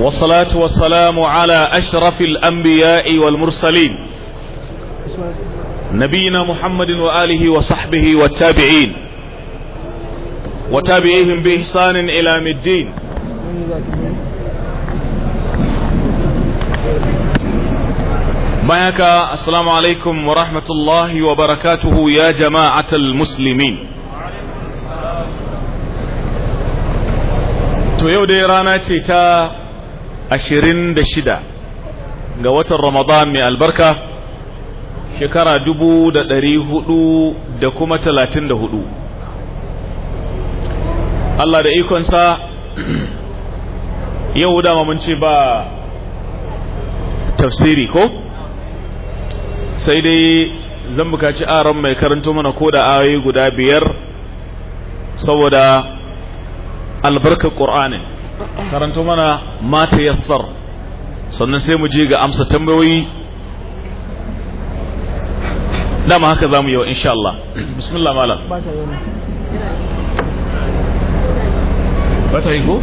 والصلاة والسلام على أشرف الأنبياء والمرسلين نبينا محمد وآله وصحبه والتابعين وتابعيهم بإحسان إلى مدين معك السلام عليكم ورحمة الله وبركاته يا جماعة المسلمين تو يودي dai rana ashirin da shida ga watan ramadan mai albarka shekara dubu da ɗari hudu da kuma talatin da hudu Allah da ikonsa yau dama mun ce ba tafsiri ko sai dai zan bukaci aron mai karanto mana ko da ayoyi guda biyar saboda albarkar ƙur'anin karanto mana mata yassar sannan sai mu je ga amsa tambayoyi dama haka za mu yi wa insha Allah bismillah malam ba ta yi ko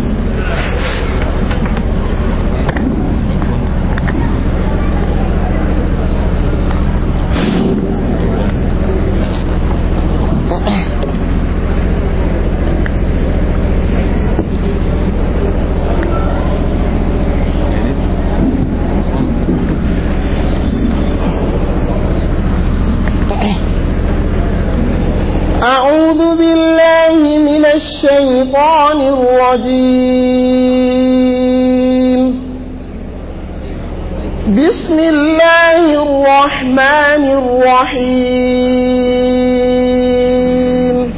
الشيطان الرجيم بسم الله الرحمن الرحيم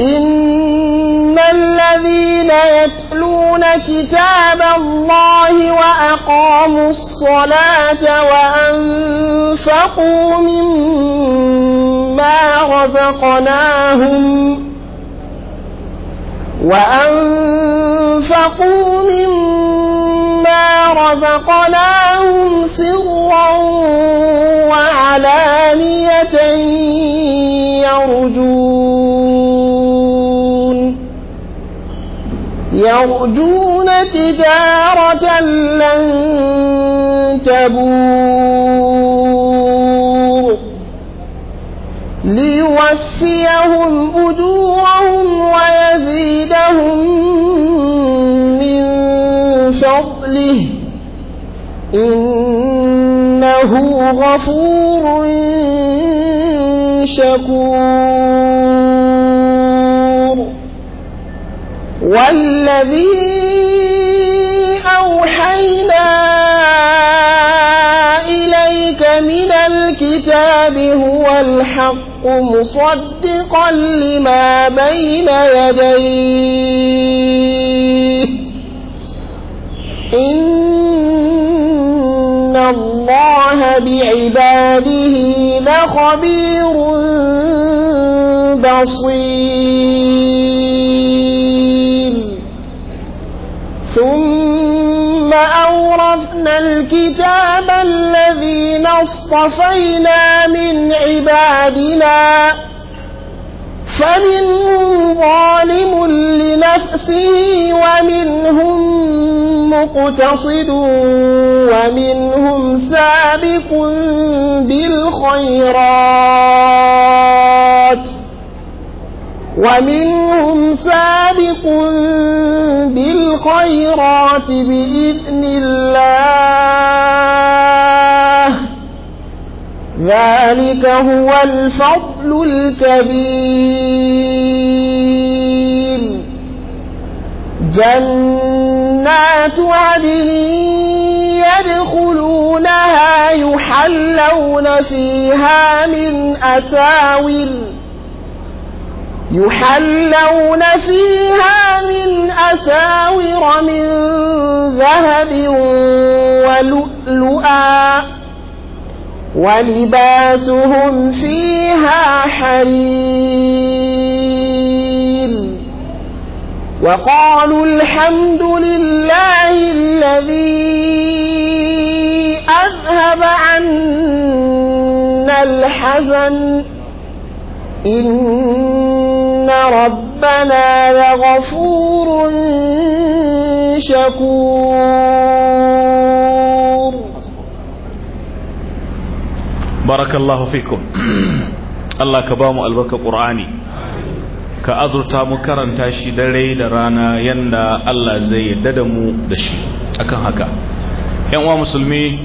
إن الذين يتلون كتاب الله وأقاموا الصلاة وأنفقوا مما ما رزقناهم وأنفقوا مما رزقناهم سرا وعلانية يرجون يرجون تجارة لن تبور ليوفيهم أجورهم ويزيدهم من فضله إنه غفور شكور والذي أوحينا إليك من الكتاب هو الحق الحق مصدقا لما بين يديه إن الله بعباده لخبير بصير ثم ثم أورثنا الكتاب الذين اصطفينا من عبادنا فمنهم ظالم لنفسه ومنهم مقتصد ومنهم سابق بالخيرات ومنهم سابق بالخيرات بإذن الله ذلك هو الفضل الكبير جنات عدن يدخلونها يحلون فيها من أساور يحلون فيها من أساور من ذهب ولؤلؤا ولباسهم فيها حرير وقالوا الحمد لله الذي أذهب عنا الحزن إن ربنا لغفور شكور بارك الله فيكم الله كبام البركة قرآني ka azurta mu karanta shi dare da rana yanda Allah zai dada mu da shi akan haka yan uwa musulmi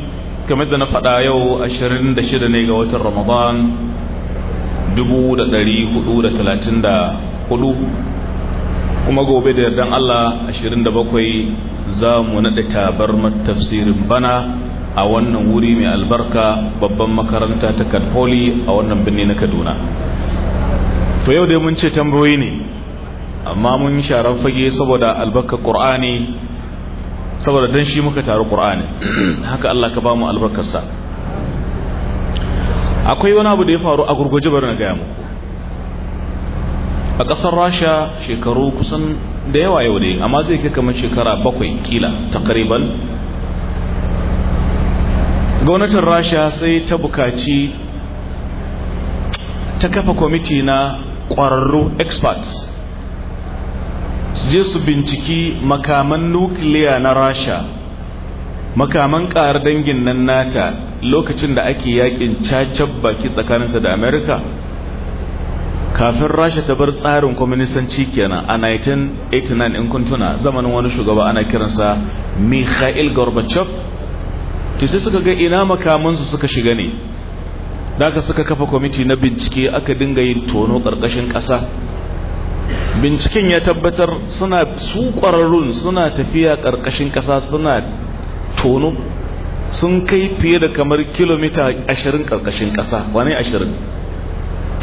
kamar da na faɗa yau 26 ne ga watan Ramadan 1434 kuma gobe da yardan Allah 27 za mu naɗa tabar tafsirin bana a wannan wuri mai albarka babban makaranta ta kadpoli a wannan birni na kaduna to yau dai mun ce tambayoyi ne amma mun sharar fage saboda albarka ƙur'ani saboda don shi muka taru ƙur'ani haka Allah ka ba mu albarkarsa akwai wani abu da ya faru a gurguje bari na gaya muku a ƙasar rasha shekaru kusan da yawa yau ne amma zai kai kamar shekara bakwai kila takriban gwamnatin rasha sai ta bukaci ta kafa kwamiti na ƙwararru experts su je su binciki makaman nukiliya na rasha makaman ƙar dangin nan nata lokacin da ake yakin cacab baki tsakaninta da america kafin rasha ta bar tsarin kwaminisanci kenan a 1989 in kuntuna zamanin wani shugaba ana kiransa mikhail gorbachev to sai suka ga ina makamansu suka shiga ne daga suka kafa kwamiti na bincike aka dinga yin tono ƙarƙashin ƙasa binciken ya tabbatar suna su ƙwararrun suna tafiya ƙarƙashin ƙasa suna tono sun kai fiye da kamar kilomita ashirin karkashin kasa wane ashirin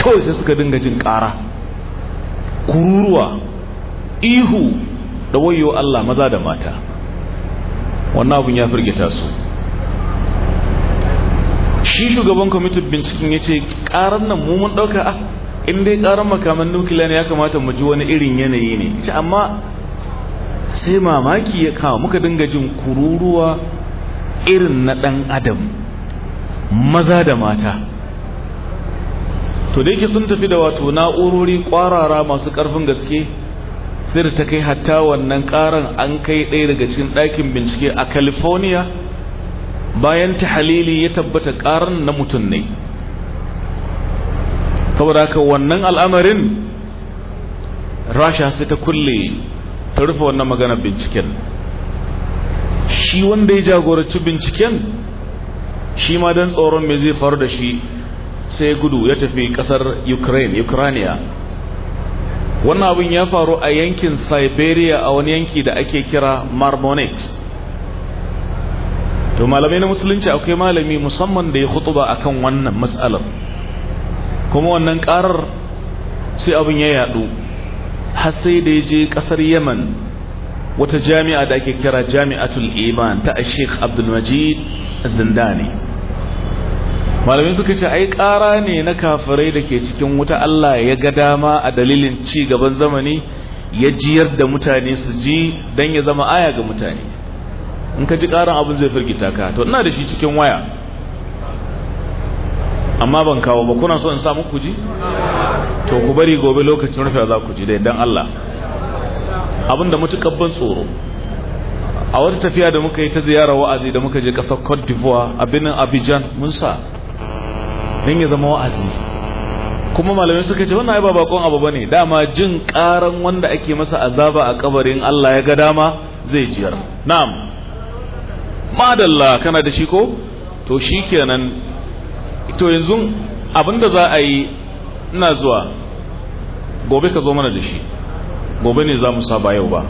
kawai sai suka dinga jin kara kururuwa ihu da wayo Allah maza da mata wannan abun ya firgita su shi shugaban kwamitin binciken ya ce karar nan mu mun dauka a ah, inda dai karar makaman nukiliya ne ya kamata mu ji wani irin yanayi ne Ita amma sai mamaki ya kawo muka dinga jin kururuwa irin na ɗan adam maza da mata to dai sun tafi da wato na'urori ƙwarara masu karfin gaske sai da ta kai hatta wannan ƙaran an kai ɗaya daga cikin ɗakin bincike a california bayan ta halili ya tabbata ƙaran na mutum ne saboda haka wannan al'amarin rasha sai ta kulle ta rufe wannan magana binciken shi wanda ya jagoranci binciken shi ma don tsoron mai zai faru da shi sai gudu ya tafi kasar ukraine ukrania wannan abin ya faru a yankin siberia a wani yanki da ake kira marmonix to malamai na musulunci akwai malami musamman da ya a akan wannan matsalar kuma wannan karar sai abin ya yadu har sai da ya je kasar yaman wata jami'a da ake kira jami'atul iman ta a sheikh abdulmajid zindani Malamin suka ce ai kara ne na kafirai da ke cikin wuta allah ya ga dama a dalilin ci gaban zamani ya jiyar da mutane su ji don ya zama aya ga mutane in ka ji ƙaran abin zai firgita ka to ina da shi cikin waya amma ban kawo ba kuna so in samu ku ji to ku bari gobe lokacin rufe za ku ji dai, dan Allah abinda mutukar ban tsoro a wata tafiya da muka yi ta ziyara wa'azi da muka je kasar Cote d'Ivoire a binin Abidjan mun sa nan ya zama wa'azi kuma malamai suka ce wannan ai ba bakon abu bane dama jin karan wanda ake masa azaba a kabarin Allah ya ga dama zai jiyar na'am madalla kana da shi ko to shikenan to yanzu abinda za a yi ina zuwa gobe ka zo mana da shi gobe ne za mu saba yau ba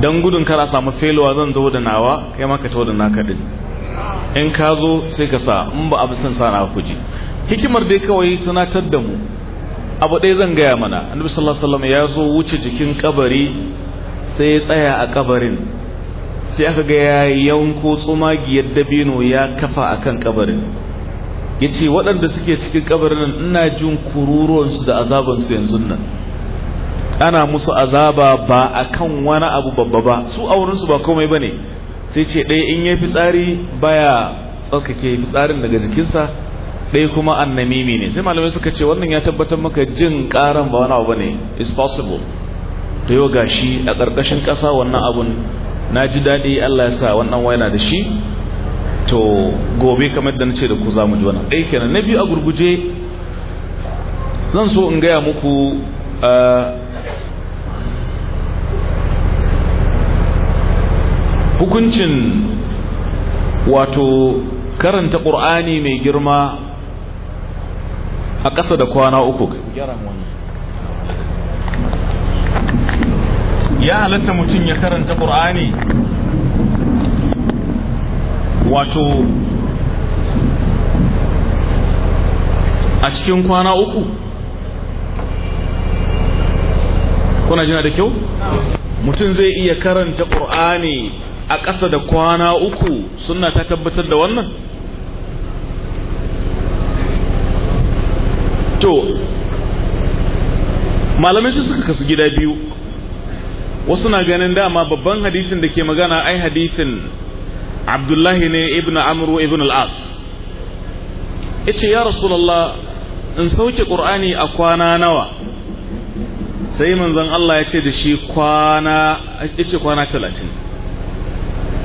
don gudun kara samu felowa zan zo da nawa kai ma ka da naka din in ka zo sai ka sa in ba abu sun sa na kuji hikimar dai kawai tunatar da mu abu ɗaya zan gaya mana annabi sallallahu alaihi ya zo wuce jikin kabari sai ya tsaya a kabarin sai aka ga ya yanko tsumagiyar dabino ya kafa akan kabarin ya ce waɗanda suke cikin kabarin nan ina jin kururuwansu da azabansu yanzu nan ana musu azaba ba akan kan wani abu babba ba su aurensu ba komai bane ne sai ce ɗaya in ya fitsari baya tsarkake fitsarin daga jikinsa ɗaya kuma annamimi ne sai malamai suka ce wannan ya tabbatar maka jin ƙaran ba wani abu ba is possible to yau gashi a ƙarƙashin ƙasa wannan abun na ji daɗi allah ya sa wannan waina da shi to gobe kamar da na ce da ku za mu ji wani aiki na biyu a gurguje zan so in gaya muku hukuncin wato karanta ƙur'ani mai girma a ƙasa da kwana uku ya halatta mutum ya karanta ƙur'ani wato a cikin kwana uku kuna jina da kyau mutum zai iya karanta ƙur'ani a ƙasa da kwana uku suna ta tabbatar da wannan to malamai su suka kasu gida biyu wasu na ganin dama babban hadisin da ke magana ai hadisin abdullahi ne ibn amru ibn al'as ya ce ya rasulallah in sauke ƙur'ani a kwana nawa sai manzan Allah ya ce da shi kwana ya ce kwana talatin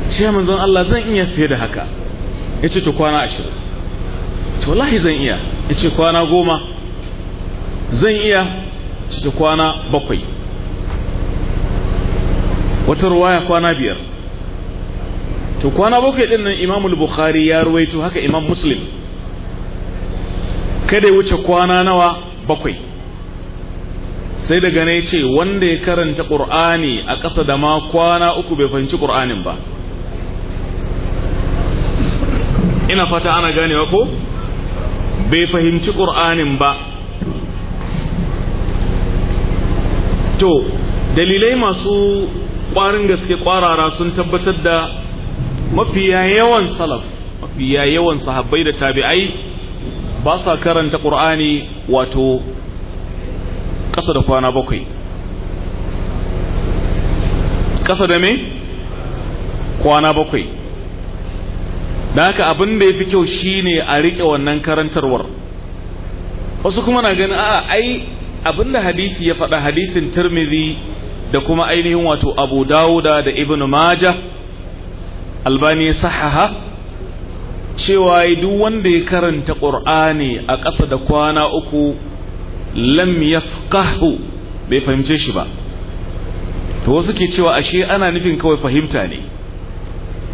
ce manzan Allah zan iya fiye da haka ya ce ta kwana ashirin ce wallahi zan iya ya ce kwana goma zan iya ce kwana bakwai wata ruwaya kwana biyar to kwana bakwai din nan imam bukhari ya ruwaito haka imam muslim kada ya wuce kwana nawa bakwai sai daga ne ce wanda ya karanta ƙur'ani a ƙasa da ma kwana uku bai fahimci ƙur'anin ba ina fata ana ganewa ko bai fahimci ƙur'anin ba to dalilai masu ƙwarin gaske ƙwarara sun tabbatar da mafiya yawan salaf mafiya yawan sahabbai da tabi'ai ba sa karanta ƙur'ani wato ƙasa da kwana bakwai ƙasa da me kwana bakwai da haka abin da ya fi kyau shine a riƙe wannan karantarwar wasu kuma na ganin a'a ai abin da hadisi ya faɗa hadisin tirmidhi da kuma ainihin wato abu dawuda da ibn majah albani ya sahaha cewa duk wanda ya karanta ƙur'ani a ƙasa da kwana uku lam yafqahu bai fahimce shi ba to wasu ke cewa ashe ana nufin kawai fahimta ne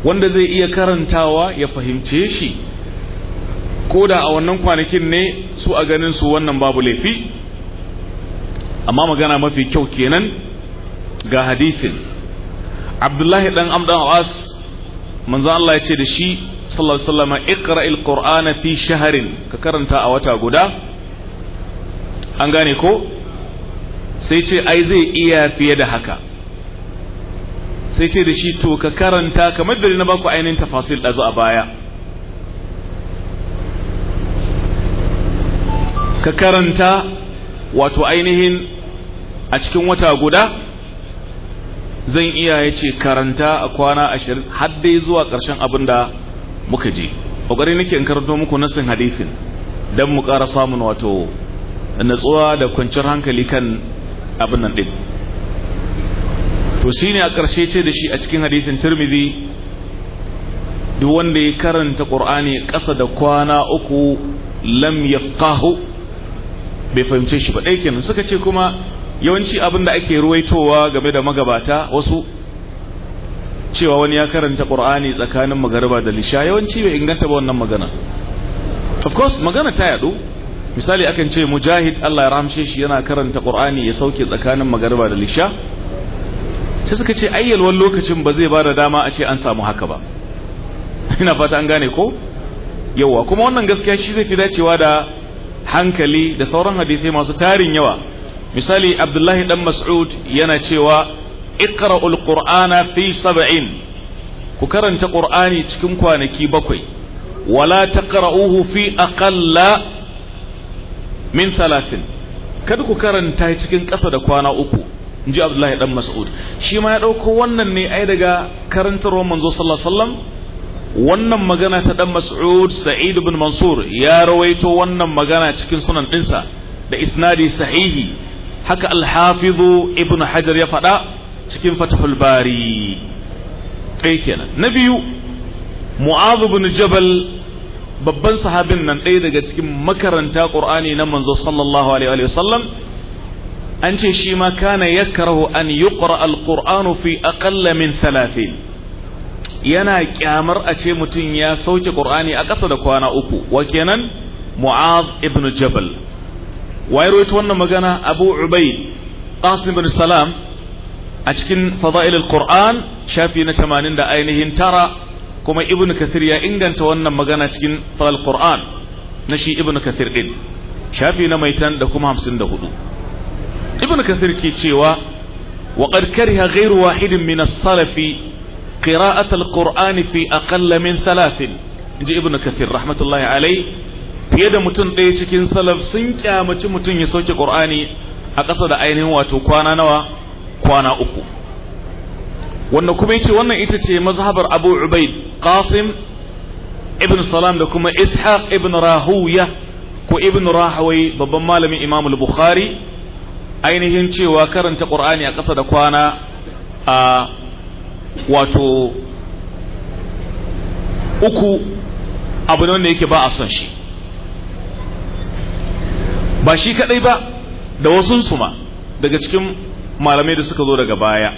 wanda zai iya karantawa ya fahimce shi ko da a wannan kwanakin ne su a ganin su wannan babu laifi amma magana mafi kyau kenan ga hadithin abdullahi dan amdan as manzo Allah ya ce da shi sallallahu alaihi wasallam iqra'il qur'ana fi shahrin ka karanta a wata guda an gane ko sai ce ai zai iya fiye da haka sai ce da shi to ka karanta kamar da na baku ainihin tafasil ɗazu a baya ka karanta wato ainihin a cikin wata guda zan iya ya ce karanta a kwana ashirin har dai zuwa ƙarshen abin da muka je ƙoƙari nake in karanto muku nasin hadithin don mu ƙara samun wato natsuwa da kwanciyar hankali kan abin nan ɗin to shi ne a ƙarshe ce da shi a cikin hadithin turmidi duk wanda ya karanta ƙur'ani ƙasa da kwana uku lam yafqahu bai fahimce shi ba ɗaikin suka ce kuma yawanci abin da ake ruwaitowa game da magabata wasu cewa wani ya karanta qur'ani tsakanin magariba da lisha yawanci bai inganta ba wannan magana of course magana ta yadu misali akan ce mujahid Allah ya ramshe shi yana karanta qur'ani ya sauke tsakanin magariba da lisha Ta suka ce ayyalwan lokacin ba zai bada dama a ce an samu haka ba ina fata an gane ko yawa kuma wannan gaskiya shi zai fi dacewa da hankali da sauran hadisai masu tarin yawa misali abdullahi dan mas'ud yana cewa iqra'ul qur'ana fi sab'in ku karanta qur'ani cikin kwanaki bakwai wala taqra'uhu fi aqalla min thalathin kada ku karanta cikin ƙasa da kwana uku inji abdullahi dan mas'ud shi ma ya ɗauko wannan ne ai daga karantarwar manzo sallallahu alaihi wannan magana ta dan mas'ud sa'id ibn mansur ya rawaito wannan magana cikin sunan ɗinsa da isnadi sahihi haka alhafizu Ibnu hajar ya faɗa cikin fatahul bari ɗaya kenan na biyu mu'az Ibnu jabal babban sahabin nan ɗaya daga cikin makaranta ƙur'ani na manzo sallallahu alaihi wa sallam an ce shi ma kana yakrahu an yuqra alqur'anu fi aqalla min yana kyamar a ce mutum ya sauke qur'ani a ƙasa da kwana uku wa kenan mu'az ibn jabal waye rawaito wannan magana abu ubaid qasim bin salam a cikin fada'il al-qur'an shafi na 80 da ainihin tara kuma ibnu kathir ya inganta wannan magana cikin fada'il qur'an na shi ibnu kathir din shafi na maitan da kuma 54 ibnu kathir ke cewa wa qad kariha ghayru wahidin min as-salafi qira'at al-qur'an fi aqall min thalathin inji ibnu kathir rahmatullahi alayhi fiye da mutum ɗaya cikin salaf sun kyamaci mutum ya sauke ƙur'ani a ƙasa da ainihin wato kwana nawa kwana uku wanda kuma ya ce wannan ita ce mazhabar Abu Ubaid Qasim ibn Salam da kuma Ishaq ibn Rahuya ko ibn Rahawai babban malamin Imam al-Bukhari ainihin cewa karanta Qur'ani a ƙasa da kwana a wato uku abu ne wanda yake ba a son shi ba shi kadai ba da wasunsu ma daga cikin malamai da suka zo daga baya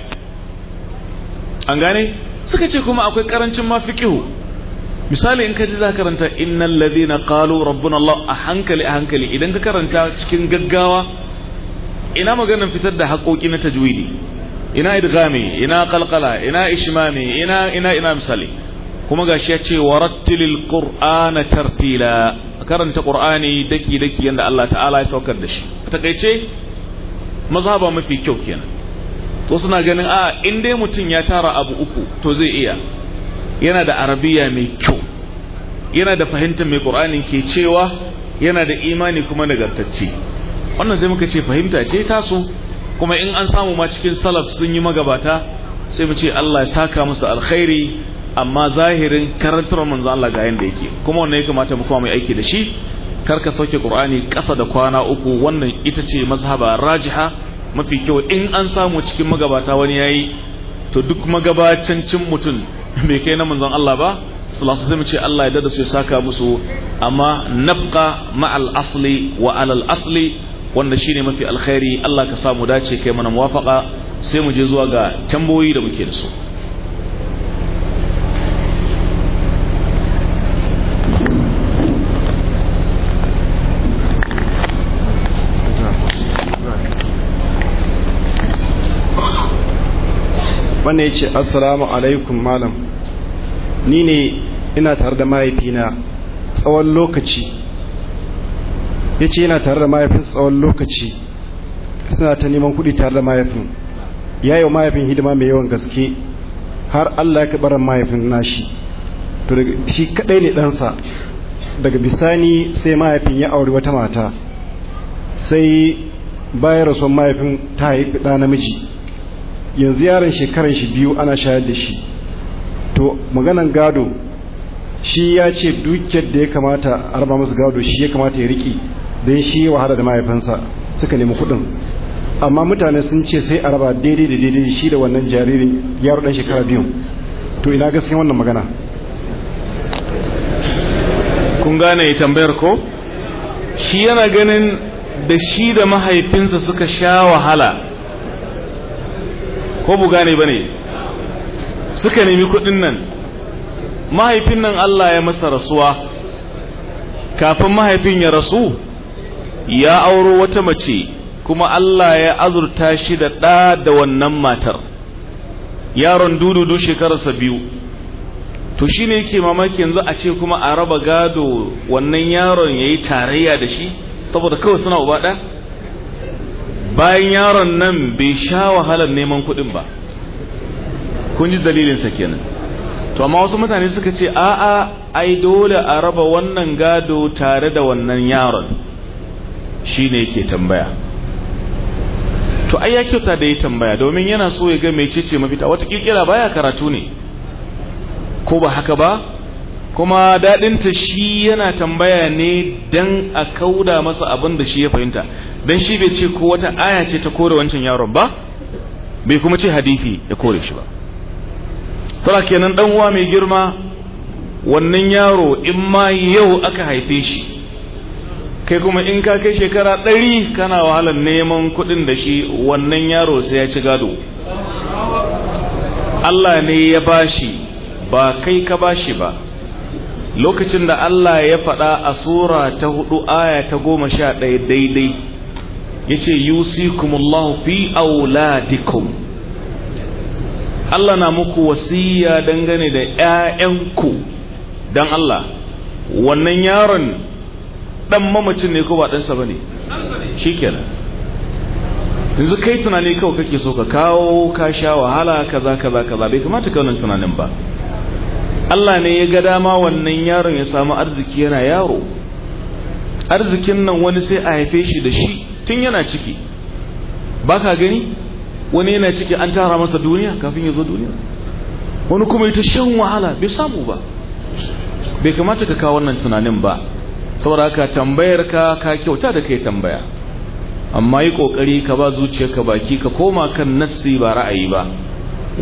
an gane suka ce kuma akwai karancin ma fiqihu misali in ka ji za karanta innal na qalu rabbuna Allah a hankali a hankali idan ka karanta cikin gaggawa ina maganar fitar da haƙoƙi na tajwidi ina idghami ina qalqala ina ishmami ina ina ina misali kuma gashi ya ce warattilil qur'ana tartila karanta qur'ani daki daki yanda Allah ta'ala ya saukar da shi a takaice mazhaba mafi kyau kenan to suna ganin a in dai mutum ya tara abu uku to zai iya yana da arabiya mai kyau yana da fahimtar mai ƙur'ani ke cewa yana da imani kuma nagartacce wannan sai muka ce fahimta ce taso kuma in an samu ma cikin salaf sun yi magabata sai mu ce Allah ya saka musu alkhairi amma zahirin karantar manzo Allah ga yanda yake kuma wannan ya kamata mu mai aiki da shi kar sauke Qur'ani kasa da kwana uku wannan ita ce mazhaba rajiha mafi kyau in an samu cikin magabata wani yayi to duk magabatancin mutum bai kai na manzon Allah ba sallallahu alaihi ce Allah ya dada su ya saka musu amma nabqa ma'al asli wa alal asli wanda shine mafi alkhairi Allah ka samu dace kai mana muwafaqa sai mu je zuwa ga tamboyi da muke da su wannan ya ce assalamu alaikum malam ni ne ina tare da mahaifina tsawon lokaci ya ce yana tare da mahaifin tsawon lokaci suna ta neman kuɗi tare da mahaifin ya yi wa mahaifin hidima mai yawan gaske har allah ya kaɓarar mahaifin nashi to shi kaɗai ne ɗansa daga bisani sai mahaifin ya auri wata mata sai bayan son mahaifin ta haifi ɗa namiji yanzu yaron shekaran shi biyu ana shayar da shi to maganan gado shi ya ce dukiyar da ya kamata a raba musu gado shi ya kamata ya riƙe don shi ya wahala da mahaifinsa suka nemi kuɗin amma mutane sun ce sai a raba daidai da daidai shi da wannan jaririn yaro ɗan shekara biyu to ina gaskiya wannan magana kun gane tambayar ko shi yana ganin da shi da mahaifinsa suka sha wahala ko bu gane ba ne suka nemi kuɗin nan mahaifin nan Allah ya masa rasuwa kafin mahaifin ya rasu ya auro wata mace kuma Allah ya azurta shi da ɗa da wannan matar yaron dududu shekararsa biyu to shi ne yake mamaki yanzu a ce kuma a raba gado wannan yaron ya yi tarayya da shi saboda kawai suna uba ɗaya bayan yaron nan bai sha wahalar neman kuɗin ba kun ji dalilinsa kenan to amma wasu mutane suka ce a'a ai dole a raba wannan gado tare da wannan yaron shi ne yake tambaya to ai ya kyauta da ya tambaya domin yana so ya ga mecece mafita wata kirkira baya karatu ne ko ba haka ba kuma daɗinta shi yana tambaya ne don a kauda masa abin da shi ya fahimta dan shi bai ce ko wata aya ce ta kore wancan yaron ba bai kuma ce hadisi ya kore shi ba sala kenan dan uwa mai girma wannan yaro in ma yau aka haife shi kai kuma in ka kai shekara ɗari kana wahalar neman kuɗin da shi wannan yaro sai ya ci gado Allah ne ya bashi ba kai ka bashi ba lokacin da Allah ya faɗa a sura ta hudu aya ta goma sha ɗaya daidai yace yusikumullahu fi auladikum Allah na muku wasiya dangane da ƴaƴanku dan Allah wannan yaron dan mamacin ne ko ba ɗansa bane shikenan yanzu kai tunani kawai kake so ka kawo ka sha wahala kaza kaza kaza bai kamata ka wannan tunanin ba Allah ne ya ga dama wannan yaron ya samu arziki yana yaro arzikin nan wani sai a haife shi da shi tun yana ciki ba ka gani wani yana ciki an tara masa duniya kafin ya zo duniya wani kuma ita shan wahala bai samu ba bai kamata ka kawo wannan tunanin ba saboda haka tambayar ka ka kyauta da kai tambaya amma yi kokari ka ba ka baki ka koma kan nassi ba ra'ayi ba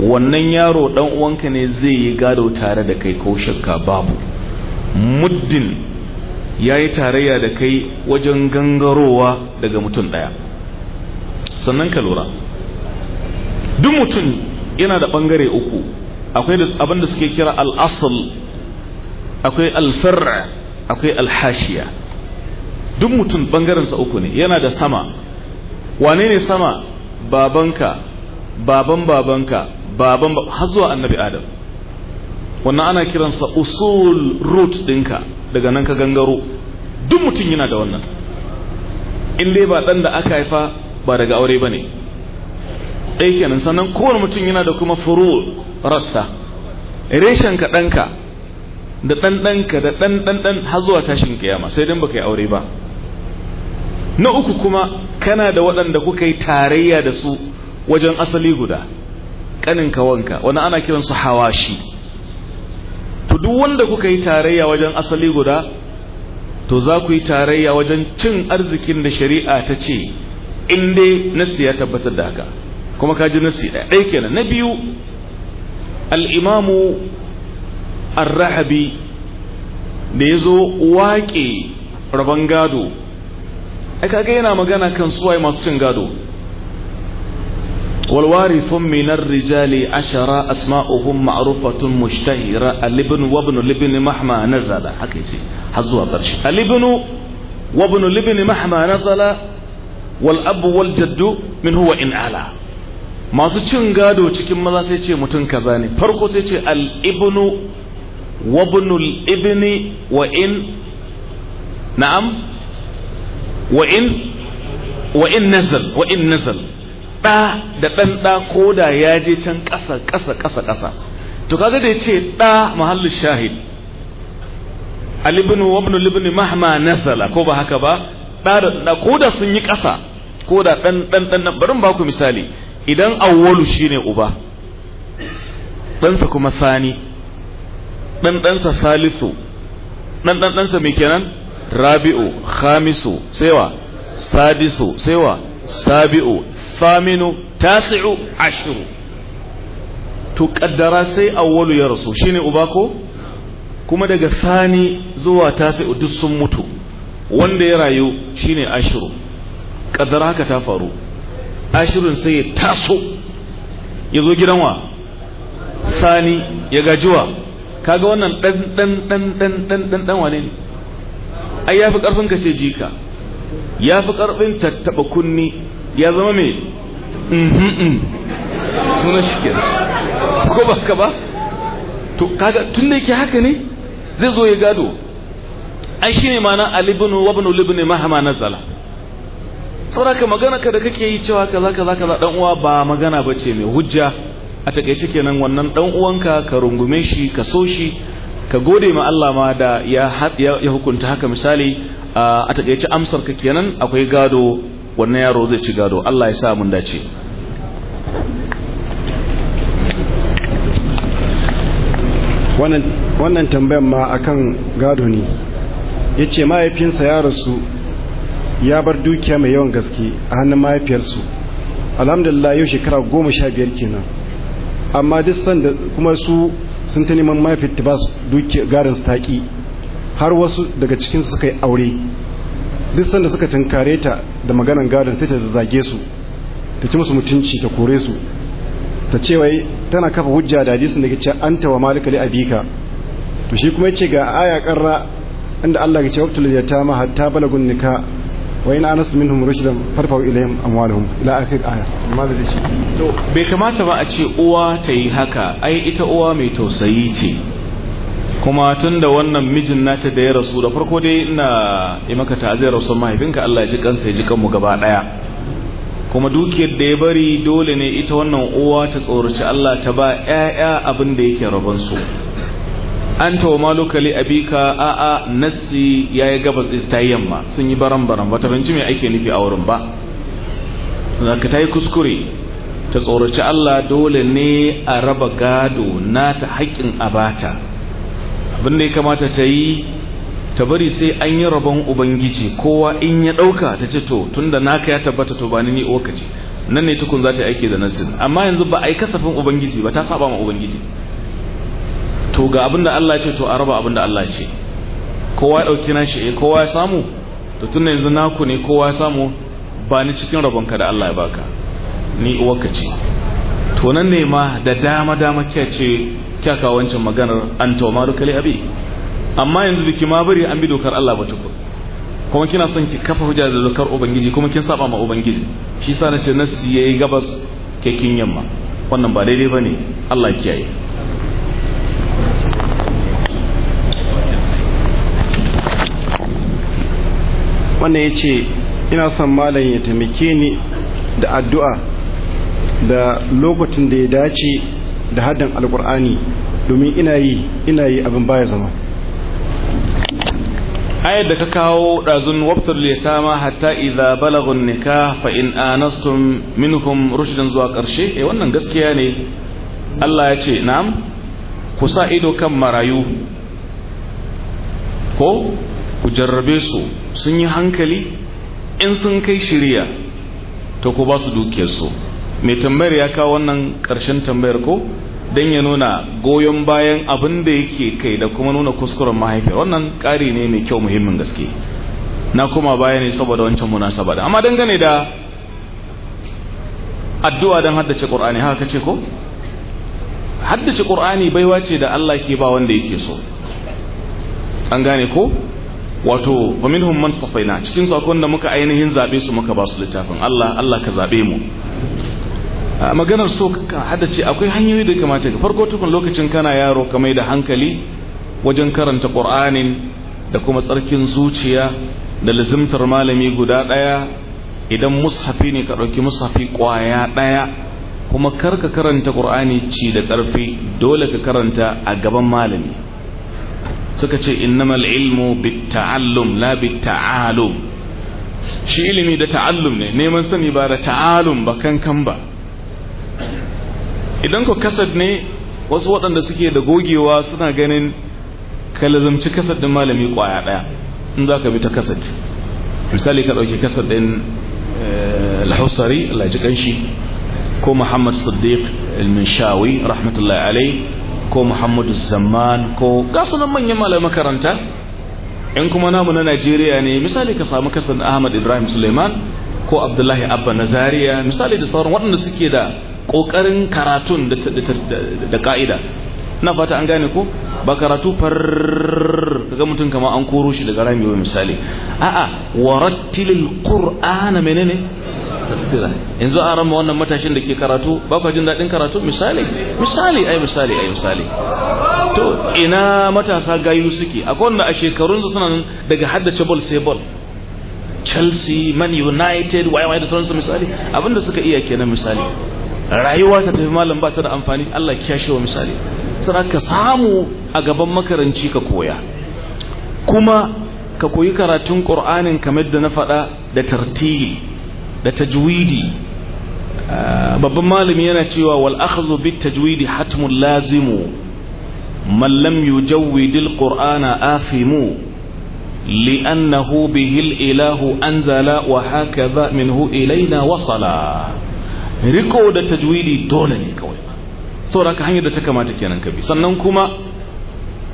wannan yaro dan uwanka ne zai yi gado tare da kai ko shakka babu muddin ya yi tarayya da kai wajen gangarowa daga mutum ɗaya sannan ka lura duk mutum yana da bangare uku akwai abin da suke kira al'asal akwai alfar'a akwai alhashiya duk mutum ɓangarensa uku ne yana da sama wane ne sama babanka baban babanka baban har zuwa annabi adam wannan ana kiransa usul root ɗinka daga nan ka gangaro duk mutum yana da wannan in dai ba dan da aka haifa ba daga aure ba ne ɗaya kenan sannan kowane mutum yana da kuma furu rassa reshen ka ɗanka da ɗanɗanka da ɗan. har zuwa tashin kiyama sai dan baka yi aure ba na uku kuma kana da waɗanda kuka yi tarayya da su wajen asali guda ka wanka wani ana kiransu hawashi to duk wanda kuka yi tarayya wajen asali guda to za ku yi tarayya wajen cin arzikin da shari'a ta ce in dai nasi ya tabbatar da haka kuma ka ji nasi ɗaya ɗaya kenan na biyu al'imamu arrahabi da ya zo waƙe rabon gado aka ga yana magana kan suwaye masu cin gado والوارث من الرجال عشرة أسماؤهم معروفة مشتهرة الابن وابن الابن مهما نزل حكيتي حظوا قرش الابن وابن الابن مهما نزل والأب والجد من هو إن أعلى masu cin gado cikin maza sai ce mutum kaza ne farko sai ce al-ibnu wa ibnul ibni wa in na'am wa in wa in nazal wa in nazal ɗa da ɗan ɗa ko da ya je can ƙasa ƙasa ƙasa ƙasa to kaga da ya ce ɗa mahallin shahid alibinu wabnu libni mahma nasala ko ba haka ba ɗa da ɗa ko da sun yi ƙasa ko da ɗan ɗan ɗan barin ba ku misali idan awwalu shine uba ɗansa kuma sani ɗan ɗansa salisu ɗan ɗan ɗansa mai kenan rabi'u khamisu saiwa sadisu saiwa sabi'u الثامن تاسع ashiru to kaddara sai awwalu ya rasu أباكو uba ko kuma daga sani zuwa tasi'u duk sun mutu wanda ya rayu تفارو ashiru سي haka ta faru ثاني sai ya zo gidan wa kaga wannan dan dan dan dan dan dan dan wane ne ai yafi karfin ka ce jika yafi karfin tattaba kunni ya zama mai suna shi ke ko ba ka ba to kaga tun da yake haka ne zai zo ya gado ai shi ne mana alibinu wabinu ma mahama na tsala ka magana ka da kake yi cewa kaza kaza kaza dan uwa ba magana ba ce mai hujja a takaice kenan wannan dan uwanka ka rungume shi ka so shi ka gode ma Allah ma da ya hukunta haka misali a takaice amsar ka kenan akwai gado wannan yaro zai ci gado Allah ya sa mun dace wannan tambayan ma akan gado ne ya ce mahaifinsa ya rasu ya bar dukiya mai yawan gaske a hannun mahaifiyarsu alhamdulillah yau shekara goma sha biyar kenan amma duk sanda kuma su sun ta neman ta ba su garin su har wasu daga cikin suka yi aure duk sanda suka tunkare ta da maganan gadon sai ta zage su ta ci musu mutunci ta kore su ta ce wai tana kafa hujja da hadisin da ke anta wa malika li abika to shi kuma yace ga aya karra inda Allah ya ce waqtul yatama hatta balagun nika wa in anas minhum rushdan farfa'u ilayhim amwaluhum ila akhir aya amma da shi to bai kamata ba a ce uwa ta yi haka ai ita uwa mai tausayi ce kuma tun da wannan mijin nata da ya rasu da farko dai ina yi maka ta'aziyar rasu mahaifinka Allah ya ji kansa ya ji kanmu gaba daya kuma dukiyar da ya bari dole ne ita wannan uwa ta tsoraci Allah ta ba ƴaƴa abin da yake rabon su an tawa maluka li abika a'a nassi yi gabas ta yamma sun yi baran baran ta binci me ake nufi a wurin ba ka ta yi kuskure ta tsoraci Allah dole ne a raba gado nata haƙƙin abata abin da ya kamata ta yi ta bari sai an yi rabon ubangiji kowa in ya ɗauka ta ce to tun da naka ya tabbata to ba ni ni kaci nan ne tukun za ta aiki da nasin amma yanzu ba a yi kasafin ubangiji ba ta saba ma ubangiji to ga abin da Allah ce to a raba abin da Allah ce kowa ya ɗauki nashi eh kowa ya samu to tun yanzu naku ne kowa ya samu ba ni cikin rabonka da Allah ya baka ni uwa ce to nan ne ma da dama dama kya ce kaka wancan maganar an tawa kale abi amma yanzu biki ma bari an bi dokar Allah ba tukur kuma kina son ki kafa hujja da dokar ubangiji kuma kin saba ma ubangiji shi yasa nace nasi yayi gabas ke kin yamma wannan ba daidai bane Allah kiyaye wannan yace ina son malam ya taimake ni da addu'a da lokacin da ya dace da haddan alkur'ani domin ina yi ina yi abin baya zama ayar da ka kawo ɗazun wabtar ma hatta idza balagun nikah fa in anastum minhum rushdan zuwa ƙarshe eh wannan gaskiya ne Allah ya ce na'am ku sa ido kan marayu ko ku jarrabe su sun yi hankali in sun kai shirya to ku ba su dukiyarsu mai tambayar ya kawo wannan ƙarshen tambayar ko don ya nuna goyon bayan abin da yake kai da kuma nuna kuskuren mahaifiyar wannan ƙari ne mai kyau muhimmin gaske na kuma baya ne saboda wancan munasaba da amma dangane da addu'a don haddace ƙur'ani haka ce ko haddace ƙur'ani baiwa ce da Allah ke ba wanda yake so an gane ko wato wa minhum man safaina cikin su akwai wanda muka ainihin zaɓe su muka ba su littafin Allah Allah ka zaɓe mu maganar so haddace akwai hanyoyi da kamata ka farko tukun lokacin kana yaro ka mai da hankali wajen karanta ƙur'anin da kuma tsarkin zuciya da lazimtar malami guda ɗaya idan mushafi ne ka ɗauki mushafi kwaya ɗaya kuma kar ka karanta ƙur'ani ci da ƙarfi dole ka karanta a gaban malami suka ce innamal ilmu bitta'allum la bitta'alum shi ilimi da ta'allum ne neman sani ba da ta'alum ba kankan ba idan ku kasad ne wasu waɗanda suke da gogewa suna ganin kalazamci kasad din malami ƙwaya ɗaya in za ka bi ta kasad misali ka ɗauki kasad ɗin eh, lahusari Allah ji ko muhammad siddiq al-minshawi rahmatullahi alai ko muhammadu zaman ko gasunan manyan malamai makaranta in kuma namu na najeriya ne misali ka samu kasan ahmad ibrahim suleiman ko abdullahi abba na zaria misali da sauran waɗanda suke da ƙoƙarin karatun da ka'ida na fata an gane ko ba karatu farrrr kaga mutum kama an koro shi daga rami misali a'a warattilil qur'ana menene tattira yanzu a rama wannan matashin da ke karatu ba ka jin daɗin karatu misali misali ai misali ai misali to ina matasa gayu suke akwai wanda a shekarunsu suna nan daga haddace ball sai ball chelsea man united waye da sauransu misali abinda suka iya kenan misali rayuwa ta tafi malam ba ta da amfani Allah ya wa misali sai ka samu a gaban makaranci ka koya kuma ka koyi karatun Qur'anin kamar da na faɗa da tartili da tajwidi ah, babban malami yana cewa wal akhdhu bit tajwidi hatmun lazimu man lam yujawwid al qur'ana afimu li'annahu bihi al ilahu anzala wa hakaza minhu ilayna wasala riko da tajwidi dole ne kawai saboda ka hanyar da ta kamata kenan ka bi sannan kuma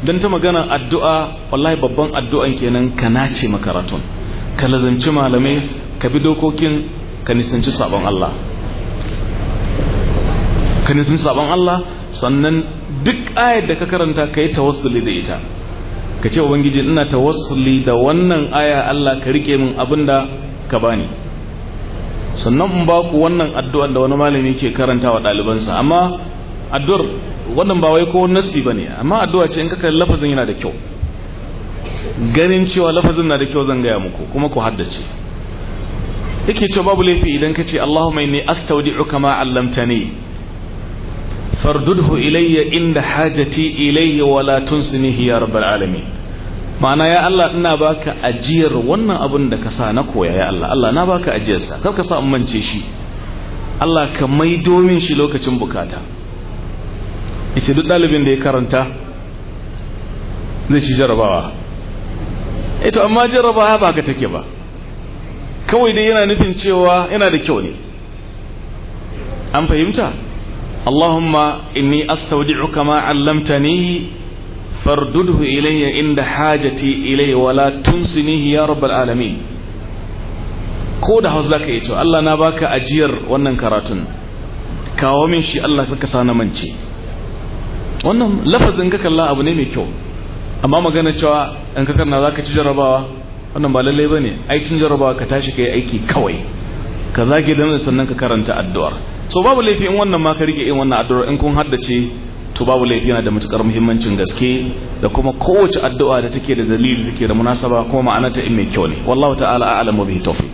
dan ta magana addu'a wallahi babban addu'an kenan ka nace makaratun ka lazanci malamai ka bi dokokin ka nisanci sabon Allah ka nisanci sabon Allah sannan duk ayar da ka karanta ka yi tawassuli da ita ka ce ubangiji ina tawassuli da wannan aya Allah ka rike min abinda ka bani sannan in ba ku wannan addu'ar da wani malami ke karanta wa ɗalibansa amma addu'ar wannan ba wai ko nasi ba ne amma addu'a ce in ka kalli lafazin yana da kyau ganin cewa lafazin na da kyau zan gaya muku kuma ku haddace yake cewa babu laifi idan ka ce Allahumma inni astaudi'uka ma 'allamtani fardudhu ilayya inda hajati ilayya wa la tunsinihi ya rabbal alamin ma'ana ya Allah ina baka ajiyar wannan abin da ka sa na koya ya Allah Allah na baka ajiyarsa kar ka sa in mance shi Allah ka maido min shi lokacin bukata yace duk dalibin da ya karanta zai ci jarabawa eh, to amma jarabawa ba ka take ba kawai dai yana nufin cewa yana da kyau ne an fahimta Allahumma inni astaudi'uka ma 'allamtani fardudhu ilayya inda hajati ilayya wala tumsinihi ya rabbal alamin ko da hausa zaka yi to Allah na baka ajiyar wannan karatun kawo min shi Allah ka sa na mance wannan lafazin ka kalla abu ne mai kyau amma magana cewa in ka karna zaka ci jarabawa wannan ba lallai bane ai cin jarabawa ka tashi kai aiki kawai ka zage dan sannan ka karanta addu'ar so babu laifi in wannan ma ka rike in wannan addu'ar in kun haddace to babu laifi yana da matukar muhimmancin gaske da kuma kowace addu'a da take da dalili take da munasaba kuma ma'anarta in mai kyau ne wallahu ta'ala a'lamu bihi tawfiq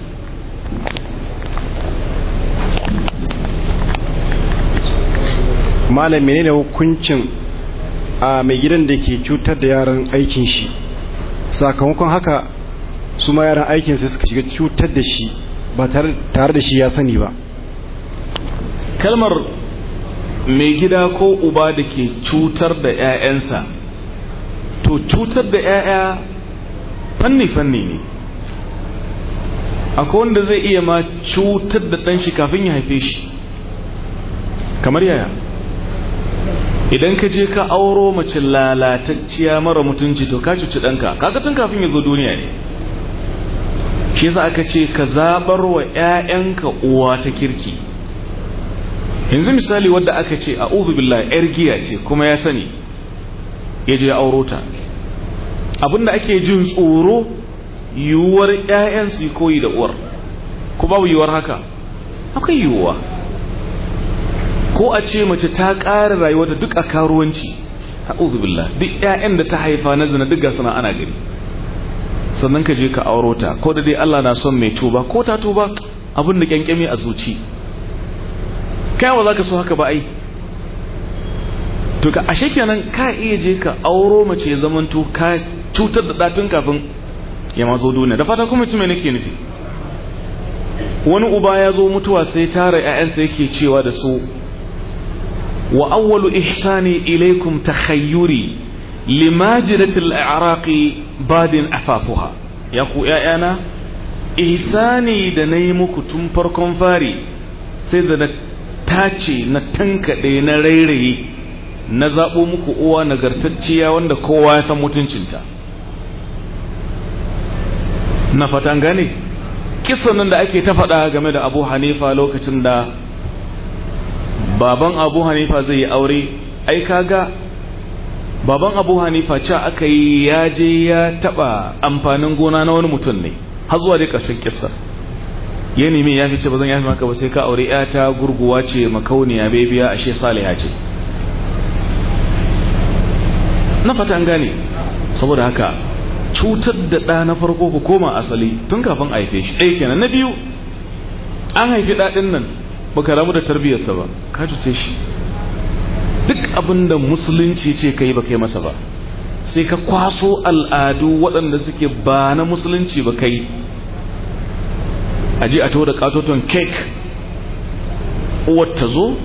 malam menene hukuncin a mai gidan da ke cutar da yaran aikin shi sakamakon haka su ma yaran aikin sai suka shiga cutar da shi ba tare da shi ya sani ba kalmar mai gida ko uba da ke cutar da 'ya'yansa to cutar da 'ya'ya fanni-fanni ne akwai wanda zai iya ma cutar da ɗan shi kafin ya haife shi kamar yaya idan ka je ka auro mace lalatacciya mara mutunci to ka cuci ɗanka kakatun tun kafin ya zo duniya ne shi yasa aka ce ka zabar wa 'ya'yanka uwa ta kirki yanzu misali wadda aka ce a billahi yar giya ce kuma ya sani ya je aurota abinda ake jin tsoro yiwuwar ƴaƴan su koyi da uwar ko babu yiwuwar haka akwai yiwuwa ko a ce mace ta ƙara ta duk a karuwanci a duk 'ya'yan da ta haifa na zina duk gasana ana gari sannan ka je ka aurota ko da dai allah na son mai tuba ko ta tuba abin da kyankyami a zuci Ka za ka so haka ba ai to ka ashe kenan ka iya je ka auro mace zamanto ka cutar da datin kafin ya ma duniya da fata kuma mutum nake nufi wani uba ya zo mutuwa sai tara ƴaƴansa yake cewa da su wa awwalu ihsani ilaykum takhayyuri limajidatil a'raqi badin afafuha ya ku ƴaƴana ihsani da nayi muku tun farkon fari sai da tace na tankaɗe na rairaye na zaɓo muku uwa nagartacciya wanda kowa ya san mutuncinta na fatan gane kisan nan da ake ta faɗa game da abu hanifa lokacin da baban abu hanifa zai yi aure ai kaga baban abu hanifa ca aka yi ya je ya taɓa amfanin gona na wani mutum ne har zuwa dai ƙarshen kisan ya nemi ya ce ba zan yafi maka ba sai ka aure yata gurguwa ce makauniya bebiya ashe saliha ce na fata an gane saboda haka cutar da ɗa na farko ku koma asali tun kafin a haife shi ɗaya kenan na biyu an haifi ɗaɗin nan baka ramu da tarbiyyarsa ba ka cuce shi duk abin da musulunci ce ka yi ba kai masa ba sai ka kwaso al'adu waɗanda suke ba na musulunci ba kai a ji a taho da katoton kek uwar ta zo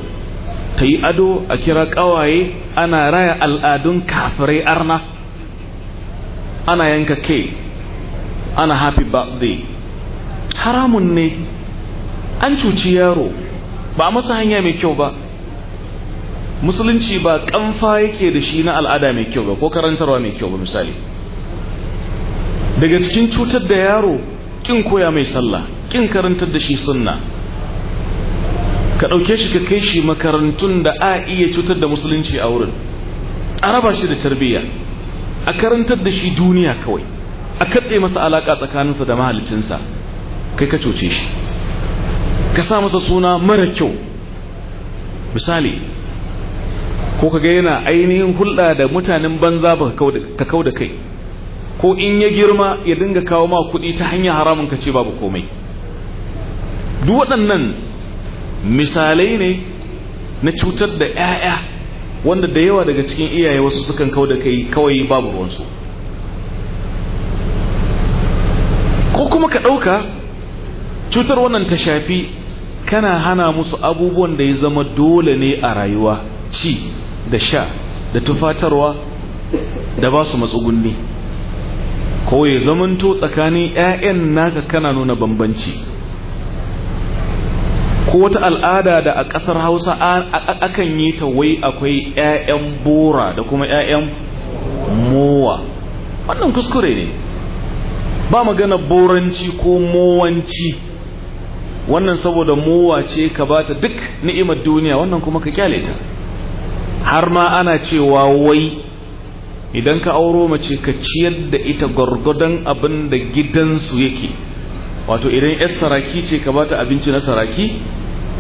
ta yi ado a kira kawaye ana raya al'adun kafirai arna ana yanka ke ana happy birthday haramun ne an cuci yaro ba masa hanya mai kyau ba musulunci ba kamfa yake da shi na al'ada mai kyau ba ko karantarwa mai kyau ba misali daga cikin cutar da yaro kin koya mai sallah kin karantar da shi sunna ka ɗauke shi ka kai shi makarantun da a iya cutar da musulunci a wurin a raba shi da tarbiyya a karantar da shi duniya kawai a katse masa alaka tsakaninsa da mahalicinsa kai ka coce shi ka sa masa suna mara kyau misali ko ka ga yana ainihin hulɗa da mutanen banza ba ka kau da kai ko in ya girma ya dinga kawo ma kuɗi ta hanyar haramun ka ce babu komai duk waɗannan misalai ne na cutar da 'ya'ya wanda da yawa daga cikin iyaye wasu sukan kawo da kai kawai babu ruwansu ko kuma ka ɗauka cutar wannan ta shafi kana hana musu abubuwan da ya zama dole ne a rayuwa ci da sha da tufatarwa da ba su matsugunni kawai zamanto tsakanin 'ya'yan naka kana nuna bambanci ko wata al'ada da a ƙasar hausa akan yi ta wai akwai 'ya'yan bora da kuma 'ya'yan mowa wannan kuskure ne ba magana boranci ko mowanci wannan saboda mowa ce ka ba ta duk ni'imar duniya wannan kuma ka kyale ta har ma ana cewa wai idan ka auro mace ka ciyar da ita gwargwadon abin da gidansu yake wato idan yar saraki ce ka ba ta abinci na saraki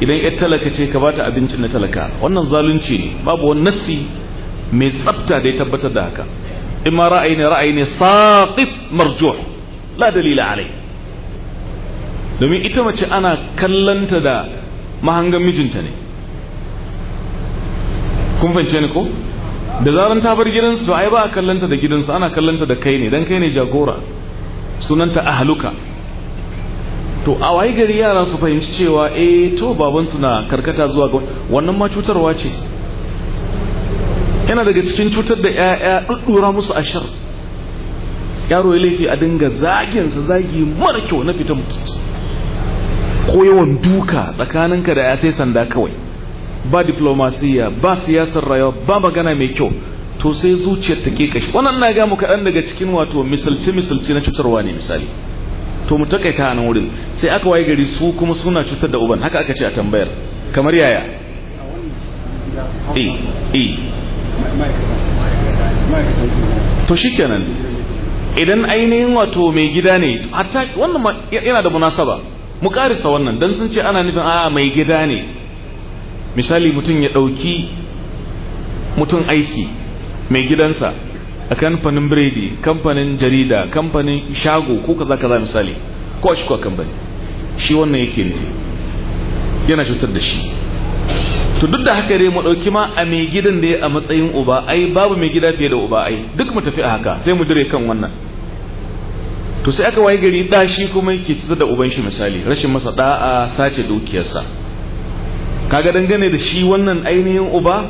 idan yar talaka ce ka bata abincin na talaka wannan zalunci ne babu wani nassi mai tsafta da ya tabbatar da haka in ma ra'ayi ne ra'ayi ne saqif marjuh la dalila alai domin ita mace ana kallanta da mahangan mijinta ne kun fahimce ni ko da zaran ta bar gidansu to ai ba a kallanta da gidansu ana kallanta da kai ne dan kai ne jagora sunanta ahluka to a wayi gari yara su fahimci cewa eh to babansu na karkata zuwa ga wannan ma cutarwa ce yana daga cikin cutar da ƴaƴa ɗuɗɗura musu shar yaro ya laifi a dinga zaginsa zagi mara kyau na fita mutunci ko yawan duka tsakaninka da ya sai sanda kawai ba diplomasiya ba siyasar rayuwa ba magana mai kyau to sai zuciyar ta ke kashi wannan na ga mu kaɗan daga cikin wato misalce misalce na cutarwa ne misali to mu takaita a nan wurin sai aka waye gari su kuma suna cutar da uban haka aka ce a tambayar kamar yaya eh eh to shikenan idan ainihin wato mai gida ne hatta wannan yana da munasaba mu karisa wannan dan sun ce ana nufin a mai gida ne misali mutum ya dauki mutum aiki mai gidansa a kamfanin biredi kamfanin jarida kamfanin shago ko kaza kaza misali ko a shi a kamfani shi wannan yake nufi yana cutar da shi to duk da haka dai mu ɗauki ma a mai gidan da ya a matsayin uba ai babu mai gida fiye da uba ai duk mu tafi a haka sai mu dire kan wannan to sai aka waye gari da shi kuma yake cutar da uban shi misali rashin masa da'a sace dukiyarsa kaga dangane da shi wannan ainihin uba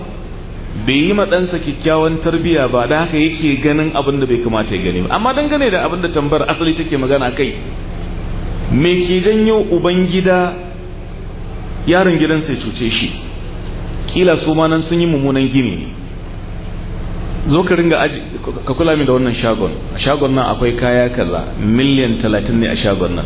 bai yi matsansa kyakkyawan tarbiyya ba da haka yake ganin abin da bai kamata ya gani ba amma dangane da abin da tambar asali take magana kai me ke janyo gida yaron gidansa ya cuce shi kila su ma nan sun yi mummunan gini zo ka ringa aji ka kula min da wannan shagon a shagon nan akwai kaya kaza miliyan talatin ne a shagon nan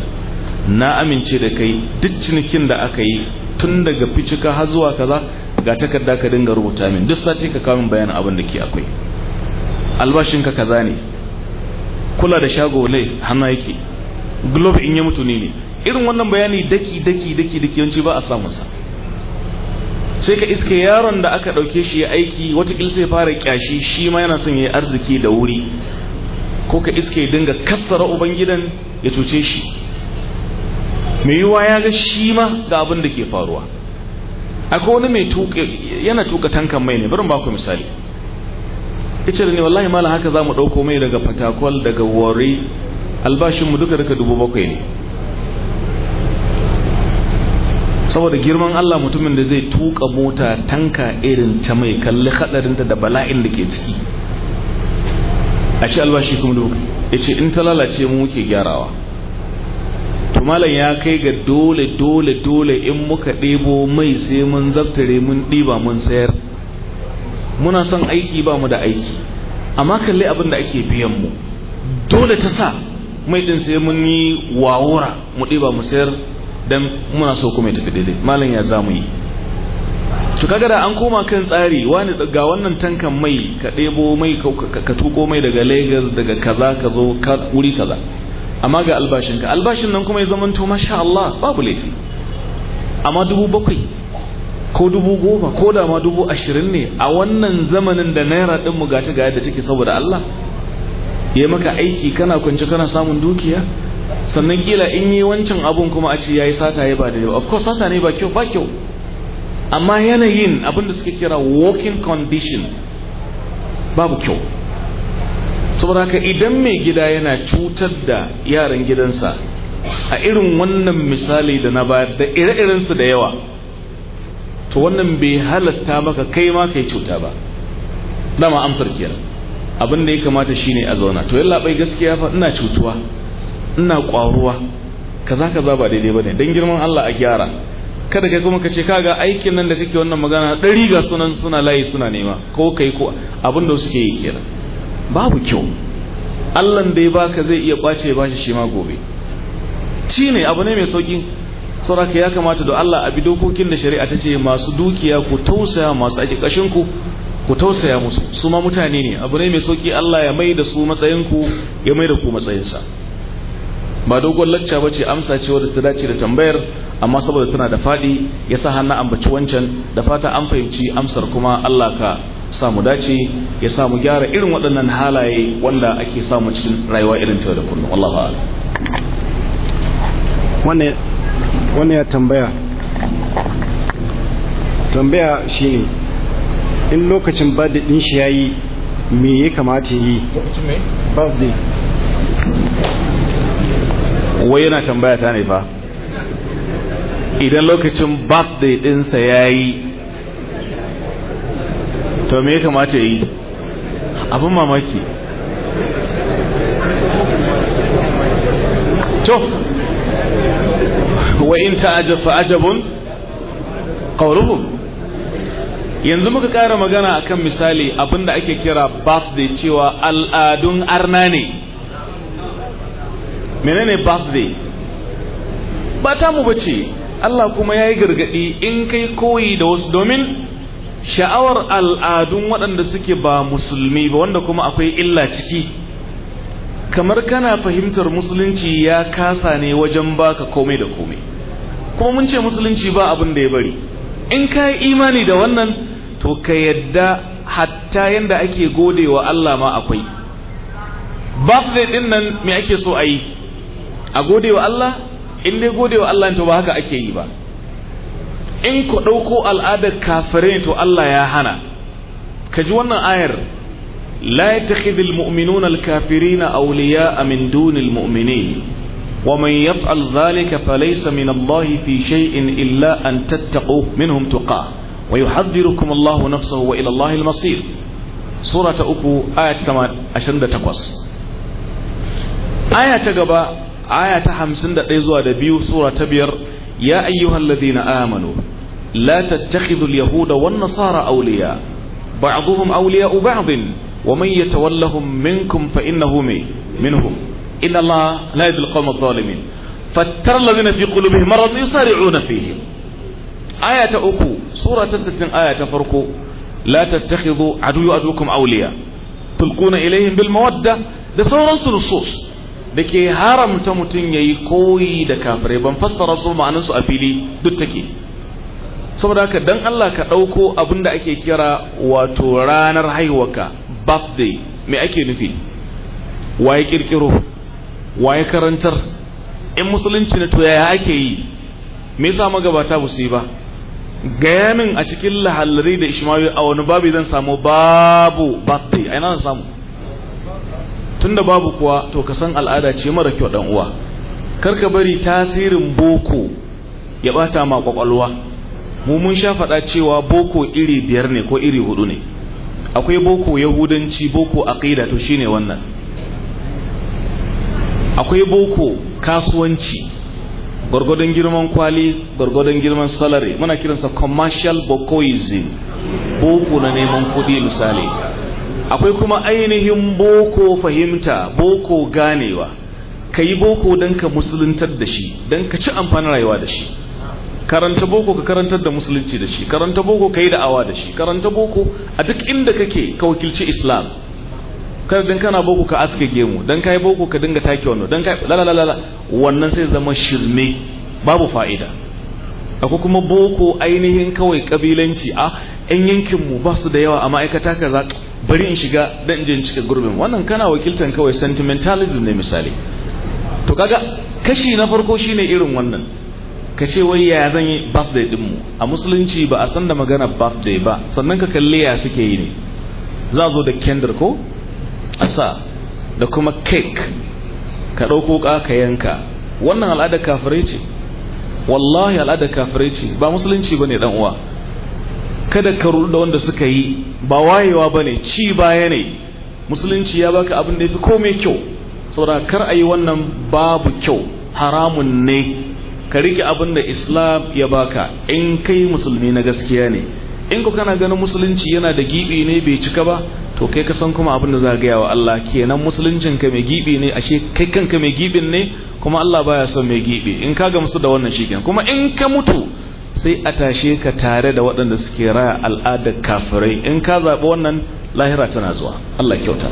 na amince da kai duk cinikin da aka yi tun daga ka har zuwa kaza ga takarda ka dinga rubuta min duk sati ka kawo min bayanin abin da ke akwai albashin ka kaza ne kula da shago ne hannu yake globe in ya mutu ne ne irin wannan bayani daki daki daki daki yanci ba a samun sa sai ka iske yaron da aka dauke shi ya aiki wata watakila sai fara kyashi shi ma yana son ya yi arziki da wuri ko ka iske dinga kassara ubangidan ya cuce shi mai yiwuwa ya ga shi ma ga abin da ke faruwa akwai wani mai tuka yana tuka tankan mai ne bari ba ku misali ita da ne wallahi malam haka zamu dauko mai daga fatakwal daga wari albashin mu duka duka dubu bakwai ne saboda girman Allah mutumin da zai tuka mota tanka irin ta mai kalli hadarinta da bala'in da ke ciki a ce albashi kuma dubu ya ce in ta lalace mu muke gyarawa to malam ya kai ga dole dole dole in muka ɗebo mai sai mun zaftare mun ɗiba mun sayar muna son aiki ba mu da aiki amma kalli abin da ake biyan mu dole ta sa mai ɗin sai mun yi wawura mu ɗiba mu sayar dan muna so kuma ya tafi daidai malam ya zamu yi to kaga da an koma kan tsari wani ga wannan tankan mai ka ɗebo mai ka tuko mai daga lagos daga kaza ka zo wuri kaza amma ga albashinka albashin nan kuma ya zamanta masha Allah babu laifi amma dubu bakwai ko dubu goma ko da ma dubu ashirin ne a wannan zamanin da naira ɗin mu gata ga yadda take saboda Allah ya maka aiki kana kwance kana samun dukiya sannan kila in yi wancan abun kuma a ce yayi sata ya ba da yau of course sata ne ba kyau ba kyau amma yanayin abin da suke kira working condition babu kyau saboda haka idan mai gida yana cutar da yaran gidansa a irin wannan misali da na bayar da ire-irensu da yawa to wannan bai halatta maka kai ma kai cuta ba dama amsar kenan abin da ya kamata shine a zauna to yalla bai gaskiya fa ina cutuwa ina kwaruwa kaza kaza ba daidai ne. dan girman Allah a gyara kada kai kuma ka ce kaga aikin nan da kake wannan magana dari ga sunan suna layi suna nema ko kai ko abin da suke yi kenan babu kyau allan da ya baka zai iya kwace ya bashi shi ma gobe ci ne abu ne mai sauki sauraka ya kamata da allah a bi dokokin da shari'a ta ce masu dukiya ku tausaya masu ake ku ku tausaya musu su ma mutane ne abu ne mai sauki allah ya mai da su matsayinku ya mai da ku matsayinsa ba dogon lacca ba ce amsa ce wadda ta dace da tambayar amma saboda tana da faɗi ya sa hannu ambaci wancan da fata an fahimci amsar kuma allah ka samu dace ya samu gyara irin waɗannan halaye wanda ake samu cikin rayuwa irin ta da kullum Allah ba wannan ya tambaya tambaya ne in lokacin birthday din shi yayi me ya kamata yi birthday wai yana tambaya ta ne fa idan lokacin birthday dinsa yayi to me ya kamata yi abin mamaki to wa in ta'ajab fa ajabun qawluhum yanzu muka ƙara magana akan misali abinda ake kira birthday cewa al'adun arna ne menene birthday ba ta mu bace Allah kuma yayi gargadi in kai koyi da wasu domin sha'awar al'adun waɗanda suke ba musulmi ba wanda kuma akwai illa ciki kamar kana fahimtar musulunci ya kasa ne wajen baka komai da komai kuma mun ce musulunci ba abin da ya bari in ka yi imani da wannan to ka yadda hatta yadda ake gode wa Allah ma akwai birthday din nan me ake so a yi a gode wa Allah in dai gode wa Allah to ba haka ake yi ba in ku ɗauko al'adar kafirai to Allah ya hana ka ji wannan ayar la ya tafi da mu'minun auliya a min dunil mu'mini wa mai yaf alzalika falaisa min Allahi fi shay'in illa an tattaƙo min humtuƙa wa yi haddiru kuma Allah nafsa wa ila Allah ilmasir sura ta uku aya ta tamar aya gaba aya ta hamsin da ɗaya zuwa da biyu sura biyar ya ayyuhan ladina amanu لا تتخذوا اليهود والنصارى أولياء بعضهم أولياء بعض ومن يتولهم منكم فإنه منهم إن الله لا يهدي القوم الظالمين فترى الذين في قلوبهم مرض يسارعون فيه آية أكو سورة تستن آية فرقو لا تتخذوا عدو عدوكم أولياء تلقون إليهم بالمودة ده سورة نصوص da ke haramta mutum ya yi koyi da kafirai ban fassara su ma'anarsu a fili duk take saboda haka dan Allah ka ɗauko abin da ake kira wato ranar haihuwarka birthday me ake nufi waye kirkiro waye karantar in musulunci ne to yaya ake yi me yasa magabata ba su yi ba gaya min a cikin lahallari da ishmawi a wani babu zan samu babu birthday a zan samu tunda babu kuwa to ka san al'ada ce mara kyau dan uwa karka bari tasirin boko ya bata ma kwakwalwa mu mun sha faɗa cewa boko iri biyar ne ko iri hudu ne akwai boko yahudanci boko aqida to shine wannan akwai boko kasuwanci gwargwadon girman kwali gwargwadon girman salary muna kiransa commercial bokoism boko na neman kuɗi misali akwai kuma ainihin boko fahimta boko ganewa ka yi boko don ka musuluntar da shi don ka ci amfanin rayuwa da shi karanta boko ka karantar da musulunci da shi karanta boko ka yi awa da shi karanta boko a duk inda kake ka wakilci islam kada din kana boko ka aske gemu dan kai boko ka dinga take wannan dan kai lalalala wannan sai zama shirme babu fa'ida akwai kuma boko ainihin kawai kabilanci a yan yankin mu ba su da yawa a ma'aikata ka za bari in shiga dan je in cika gurbin wannan kana wakiltan kawai sentimentalism ne misali to kaga kashi na farko shine irin wannan ka ce wai ya zan yi birthday mu a musulunci ba a san da magana birthday ba sannan ka kalle ya suke yi ne za zo da kendir ko asa da kuma cake ka ɗauko ka ka yanka wannan al'ada kafirai ce wallahi al'ada kafirai ce ba musulunci ba ne uwa kada ka rudu da wanda suka yi ba wayewa ba ne ci baya ne musulunci ya baka abin da ya fi komai kyau saboda kar a yi wannan babu kyau haramun ne ka rike abin da islam ya baka in kai musulmi na gaskiya ne in ku kana ganin musulunci yana da gibi ne bai cika ba to kai ka san kuma abin da za gaya wa Allah kenan musuluncin ka mai gibi ne ashe kai kanka mai gibin ne kuma Allah baya son mai gibi in ka ga musu da wannan shikenan kuma in ka mutu sai a tashe ka tare da waɗanda suke raya al'adar kafirai in ka zaɓi wannan lahira tana zuwa Allah kyauta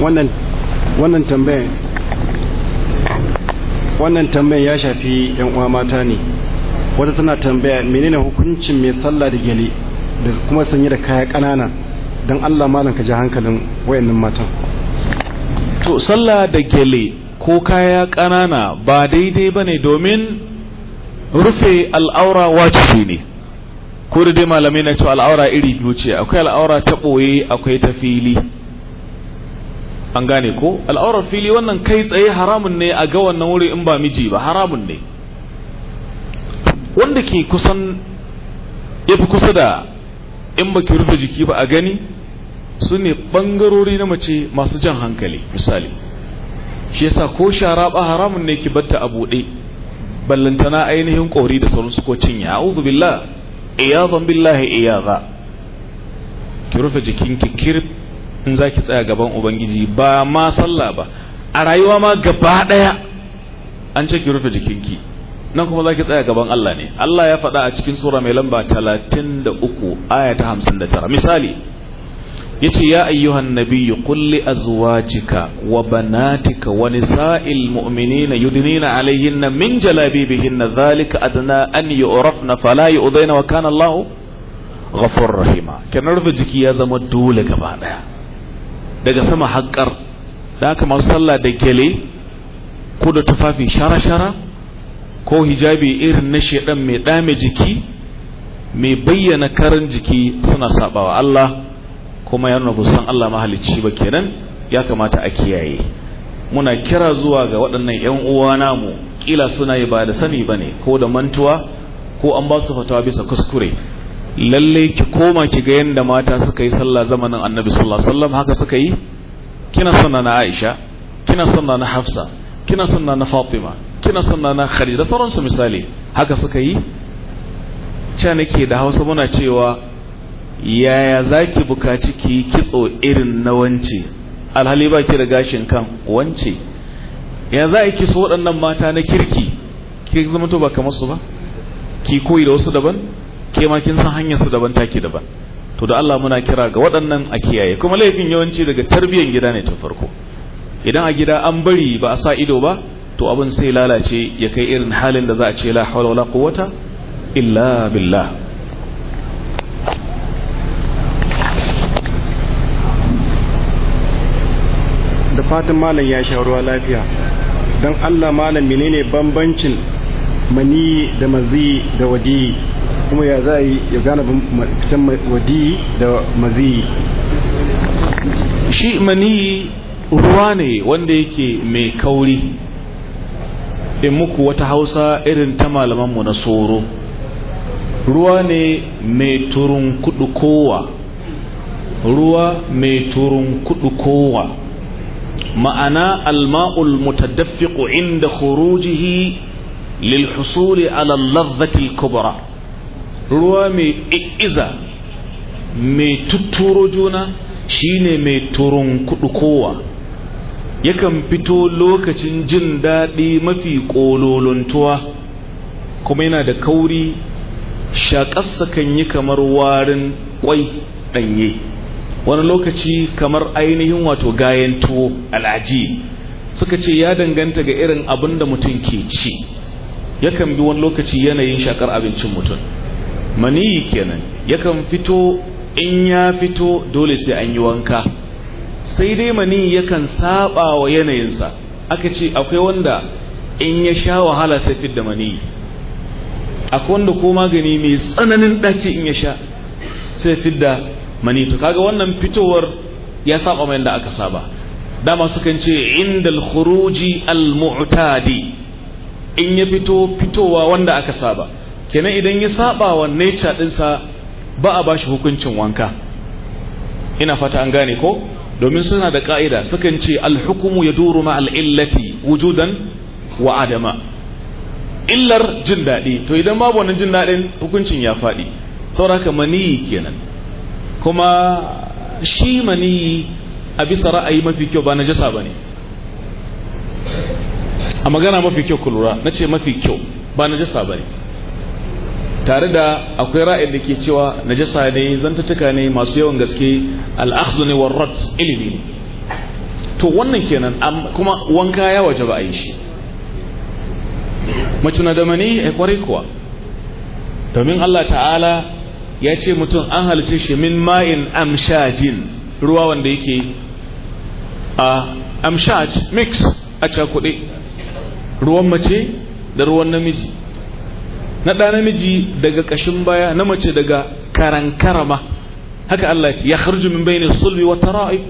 wannan wannan tambayar wannan tambayan ya shafi yan uwa mata ne wata tana tambaya menene hukuncin mai sallah da gele da kuma sanye da kaya kanana don Allah malam ka ji hankalin wayannan matan to sallah da gele ko kaya kanana ba daidai bane domin rufe al'aura wajibi ne ko da dai malamai na cewa al'aura iri biyu ce akwai al'aura ta ɓoye akwai ta fili an gane ko al'aurar fili wannan kai tsaye haramun ne a ga wannan wuri in ba miji ba haramun ne wanda ke kusan ya fi kusa da in ba ki rufe jiki ba a gani su ne ɓangarori na mace masu jan hankali misali shi yasa ko shara ba haramun ne ki batta a buɗe ballantana ainihin ƙori da sauransu ko cinya a'udhu billah iyazan billahi iyaza ki rufe jikinki kirf in za ki tsaya gaban ubangiji ba ma sallah ba a rayuwa ma gaba ɗaya an ce ki rufe jikinki nan kuma za ki tsaya gaban Allah ne Allah ya faɗa a cikin sura mai lamba 33 aya ta 59 misali Ya ce ya ayyuhan nabiyyu qul li azwajika wa banatika wa nisa'il mu'minina yudnina alayhinna min jalabibihinna dhalika adna an yu'rafna fala yu'dhayna wa kana Allahu ghafurur rahima kenan rufe jiki ya zama dole gaba ɗaya. daga sama haƙar da aka masu sallah da gele ko da tufafin shara-shara ko hijabi irin na shaɗan mai dame jiki mai bayyana karin jiki suna sabawa Allah kuma ya nuna san Allah mahalicci ba kenan ya kamata a kiyaye muna kira zuwa ga waɗannan 'yan uwa namu kila suna yi ba da sani ba ne ko da mantuwa ko an ba su fatawa bisa kuskure lalle ki koma ki ga yanda mata suka yi sallah zamanin annabi sallallahu alaihi wasallam haka suka yi kina sunna na aisha kina sunna na hafsa kina sunna na fatima kina sunna na khadija da su misali haka suka yi ce nake da hausa muna cewa yaya zaki bukaci ki kitso irin na wance alhali ba ki da gashin kan wance ya za a kiso waɗannan mata na kirki ki zama to ba kamar su ba ki koyi da wasu daban ke ma kin san hanyar su daban take daban to da Allah muna kira ga waɗannan a kiyaye kuma laifin yawanci daga tarbiyyar gida ne ta farko idan a gida an bari ba a sa ido ba to abin sai lalace ya kai irin halin da za a ce la hawla wala quwwata illa billah da fatan malam ya sha ruwa lafiya don Allah malam menene bambancin mani da mazi da wadi kuma ya za yi ya gane fitan wadi da mazi shi mani ruwa ne wanda yake mai kauri in muku wata hausa irin ta malamanmu na soro ruwa ne mai turun kudu kowa ruwa mai turun kudu kowa ma'ana alma'ul mutadaffiqu inda khurujihi lil husuli ala al kubra ruwa mai iza mai tutturo juna shine mai turun kudu kowa yakan fito lokacin jin daɗi mafi ƙololontuwa kuma yana da kauri shaƙassa kan yi kamar warin ƙwai ɗanye wani lokaci kamar ainihin wato gayan tuwo al'aji suka ce ya danganta ga irin abin da mutum ke ci yakan bi wani lokaci yanayin shakar abincin mutum maniyi kenan yakan fito in ya fito dole sai an yi wanka sai dai maniyi yakan saba wa yanayinsa aka ce akwai wanda in ya sha wahala sai fidda maniyi akwai wanda ko magani mai tsananin ɗaci in ya sha sai fidda maniyi to kaga wannan fitowar ya saba mai da aka saba dama sukan ce inda al-khuruji al-mu'tadi in ya fito fitowa wanda aka saba kenan idan ya saba wa nature dinsa ba a bashi hukuncin wanka ina fata an gane ko domin suna da ka'ida sukan ce alhukumu ya duru ma al'illati wujudan wa adama illar jin daɗi to idan babu wannan jin daɗin hukuncin ya faɗi sauraka maniyi kenan kuma shi maniyi a bisa ra'ayi mafi kyau ba na jasa ba ne a magana mafi kyau kulura na ce mafi kyau ba na jasa ba ne tare da akwai ra'ayin da ke cewa najasa ne zantattuka ne masu yawan gaske al'akhzu wa warrat ilimi to wannan kenan kuma wanka ya waje ba a yi shi na da mani ya eh, kwarai kuwa domin Allah ta'ala ya ce mutum an halitta shi min ma'in amshajin ruwa wanda yake a amshaj mix a cakuɗe ruwan mace da ruwan namiji na ɗa namiji daga ƙashin baya na mace daga karankarama haka Allah ce ya kharju min bayni sulbi wa tara'ib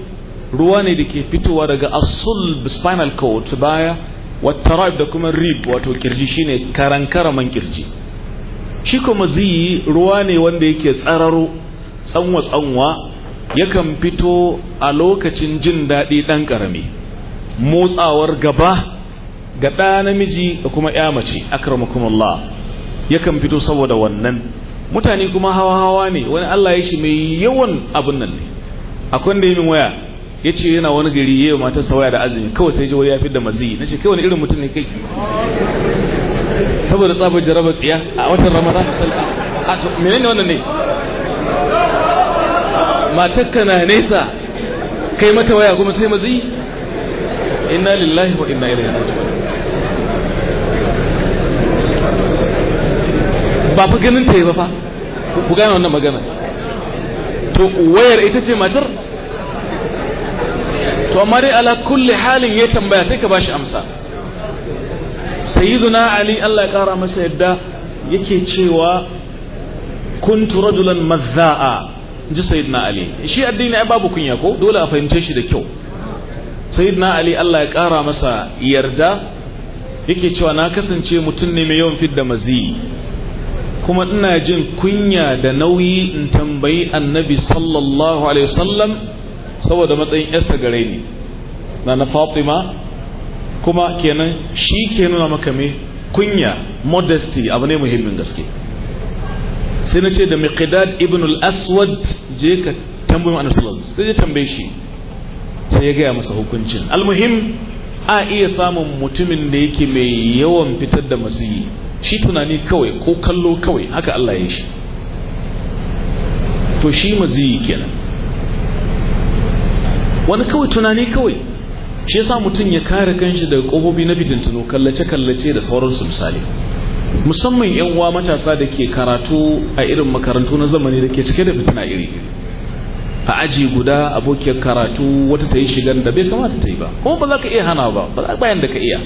ruwa ne da ke fitowa daga asulb spinal cord baya wa tara'ib da kuma rib wato kirji shine karankaraman kirji shi kuma ziyi ruwa ne wanda yake tsararo tsanwa tsanwa yakan fito a lokacin jin daɗi ɗan ƙarami motsawar gaba ga ɗa namiji da kuma ƴa mace akramakumullah yakan fito saboda wannan mutane kuma hawa-hawa ne wani Allah ya shi mai yawan abin nan ne akwai da min waya ya ce yana wani gari ya yi mata sawaya da azumi kawai sai ji ya fi da maziyi na ce kai wani irin mutum ne kai saboda tsabar jaraba tsiya a watan ramadan a to menene wannan ne matakka na nesa kai mata waya kuma sai mazi inna lillahi wa inna ilaihi raji'un ba fa ganin ta ya ba fa ku gane wannan magana to wayar ita ce matar to amma dai ala kulli halin ya tambaya sai ka bashi amsa sayyiduna ali Allah ya kara masa yadda yake cewa kuntu rajulan mazza'a ji sayyidina ali shi addini ai babu kunya ko dole a fahimce shi da kyau sayyidina ali Allah ya kara masa yarda yake cewa na kasance mutum ne mai yawan fidda mazi kuma ina jin kunya da nauyi in tambayi annabi sallallahu alaihi wasallam saboda matsayin yarsa gare ni na na fatima kuma kenan shi ke nuna maka me kunya modesty abu ne muhimmin gaske sai na ce da miqdad ibn al-aswad je ka tambayi annabi sallallahu alaihi sai ya tambaye shi sai ya gaya masa hukuncin almuhim a iya samun mutumin da yake mai yawan fitar da masiyi shi tunani kawai ko kallo kawai haka Allah ya shi to shi maziyi kenan wani kawai tunani kawai shi yasa mutum ya kare kanshi daga kofofi na fitintuno kallace-kallace da sauransu misali musamman yan uwa matasa da ke karatu a irin makarantu na zamani da ke cike da fitina iri a aji guda abokiyar karatu wata ta yi shigar da bai kamata ta yi ba kuma ba za ka iya hana ba ba za bayan da ka iya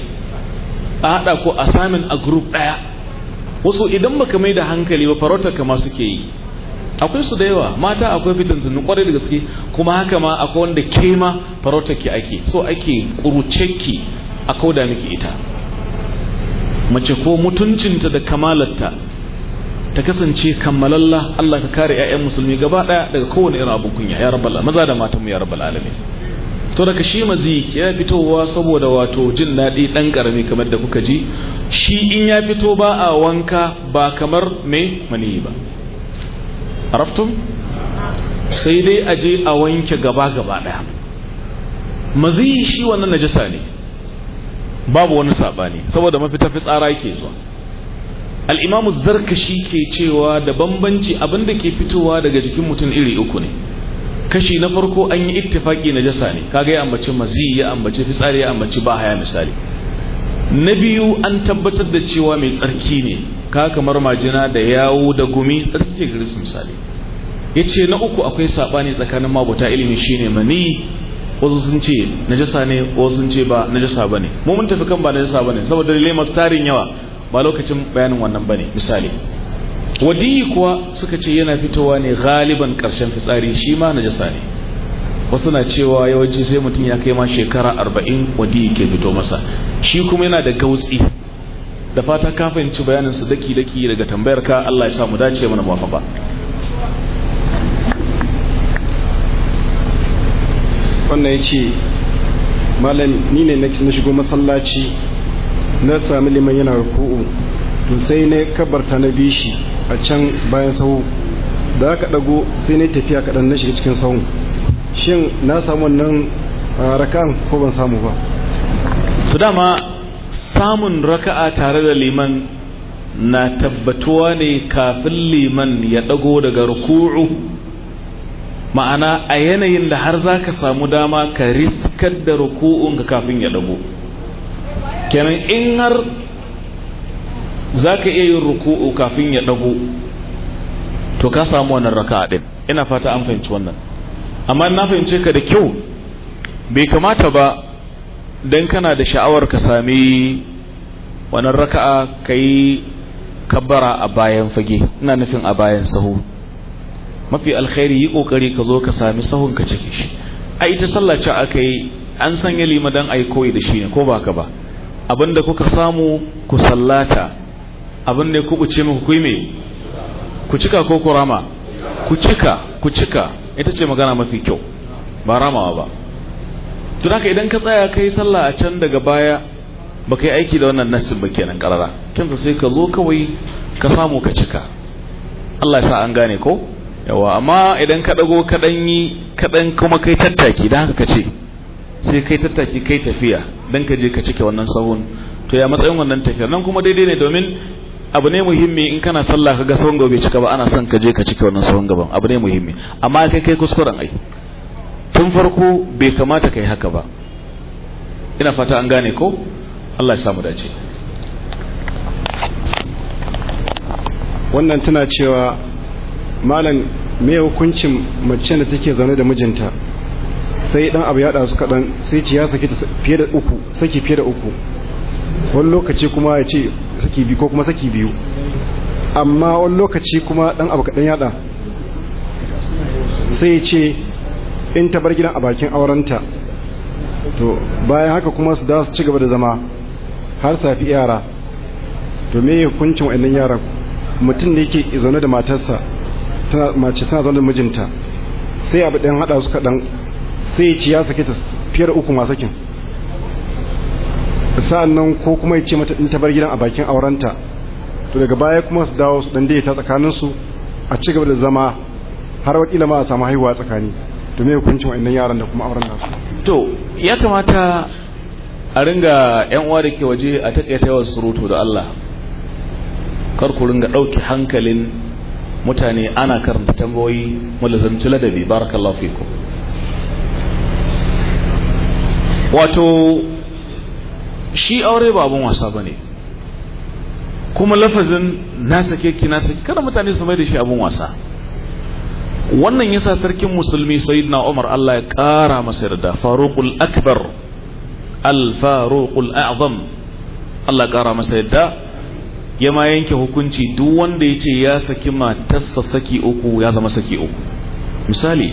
a haɗa ko assignment a group ɗaya wasu idan baka mai da hankali ba farautar kama suke yi akwai su da yawa mata akwai fitintunin kwarai da gaske kuma haka ma akwai wanda ke ma farautar ke ake so ake kurucekki a kauda miki ita mace ko mutuncinta da kamalarta ta kasance kammalalla Allah ka kare 'ya'yan musulmi gaba daya daga kowane irin abun kunya ya rabbala maza da matan mu ya rabbala alamin to daga shi mazi ya fitowa saboda wato jin daɗi ɗan ƙarami kamar da kuka ji shi in ya fito ba a wanka ba kamar mai mani ba raftun sai dai a je a wanke gaba gaba ɗaya mazi shi wannan najasa ne babu wani saɓani saboda mafita tsara ke zuwa al'imamu zarkashi ke cewa da bambanci da ke fitowa daga jikin mutum iri uku ne kashi na farko an yi ittifaki na jasa ne kaga ya ambaci mazi ya ambaci fitsari ya ambaci ba haya misali na biyu an tabbatar da cewa mai tsarki ne ka kamar majina da yawo da gumi tsarki ga su misali ya ce na uku akwai saɓani tsakanin mabuta ilimi shine mani wasu sun ce najasa ne wasu sun ce ba najasa ba ne mu mun tafi kan ba najasa ba ne saboda dalilai masu tarin yawa ba lokacin bayanin wannan ba ne misali wadiyi kuwa suka ce yana fitowa ne galiban karshen fitsari shi ma na jasa ne wasu na cewa yawanci sai mutum ya kai ma shekara arba'in wadiyi ke fito masa shi kuma yana da gautsi da fata ka fahimci bayanin su daki daki daga tambayar ka Allah ya sa mu dace mana ba. wannan yace malam ni ne na shigo masallaci na sami liman yana ruku'u to sai na kabarta na bishi a can bayan sahu da aka dago sai na tafiya kaɗan na shiga cikin sahun shin na samu wannan raka'an ko ban samu ba to dama samun raka'a tare da liman na tabbatuwa ne kafin liman ya ɗago daga ruku'u ma'ana a yanayin da har za ka samu dama ka riskar da ruku'un ka kafin ya ɗago kenan in har za ka iya yin ruku'u kafin ya ɗago to ka samu wannan raka'a ɗin ina fata an fahimci wannan amma na fahimce ka da kyau bai kamata ba don kana da sha'awar ka sami wannan raka'a ka yi kabbara a bayan fage ina nufin a bayan sahu mafi alkhairi yi kokari ka zo ka sami sahun ka cike shi a ita sallah ce aka yi an sanya lima don a yi koyi da shi ne ko ba ka ba abinda kuka samu ku sallata abin ne ya kubuce muku ku yi me ku cika ko ku rama ku cika ku cika ita ce magana mafi kyau ba ramawa ba to haka idan ka tsaya kai sallah a can daga baya ba kai aiki da wannan nasin ba kenan karara kinsa sai ka zo kawai ka samu ka cika Allah ya sa an gane ko yawa amma idan ka dago ka dan yi ka dan kuma kai tattaki dan haka kace sai kai tattaki kai tafiya dan ka je ka cike wannan sahun to ya matsayin wannan tafiyar nan kuma daidai ne domin abu ne muhimmi in kana sallah ka ga sauran gaba bai cika ba ana son ka je ka cika wannan sauran gaban abu ne muhimmi amma kai kai kuskuren ai tun farko bai kamata kai haka ba ina fata an gane ko Allah ya samu dace wannan tana cewa malam me hukuncin mace da take zaune da mijinta sai dan abu ya su kadan sai ci ya saki fiye da uku saki fiye da uku wani lokaci kuma ya ce saki biyu ko kuma saki biyu amma wani lokaci kuma dan abu kaɗan yada sai ce in ta bar gidan a bakin aurenta to bayan haka kuma su da su ci gaba da zama har safi yara to me hukuncin wa'annan yara mutum da yake zaune da matarsa tana mace tana zaune da mijinta sai abu ɗan haɗa su kaɗan sai ya ci ya sake ta da uku masakin sa'annan ko kuma ya ce mata in ta bar gidan a bakin aurenta to daga baya kuma su dawo su dan ta tsakanin su a ci gaba da zama har wakila ma a samu haihuwa tsakani to me hukuncin wa'annan yaran da kuma auren nasu to ya kamata a ringa yan uwa da ke waje a takaita yawan surutu da Allah kar ku ringa dauki hankalin mutane ana karanta tambayoyi mulazamci ladabi barakallahu fikum wato shi aure ba abin wasa ba ne kuma lafazin na sake ki na sake kada mutane su mai da shi abin wasa wannan yasa sarkin musulmi sayyidina umar allah ya kara masa yarda faruqul akbar al faruqul a'zam allah ya kara masa yarda ya ma yanke hukunci duk wanda ya ce ya saki matarsa saki uku ya zama saki uku misali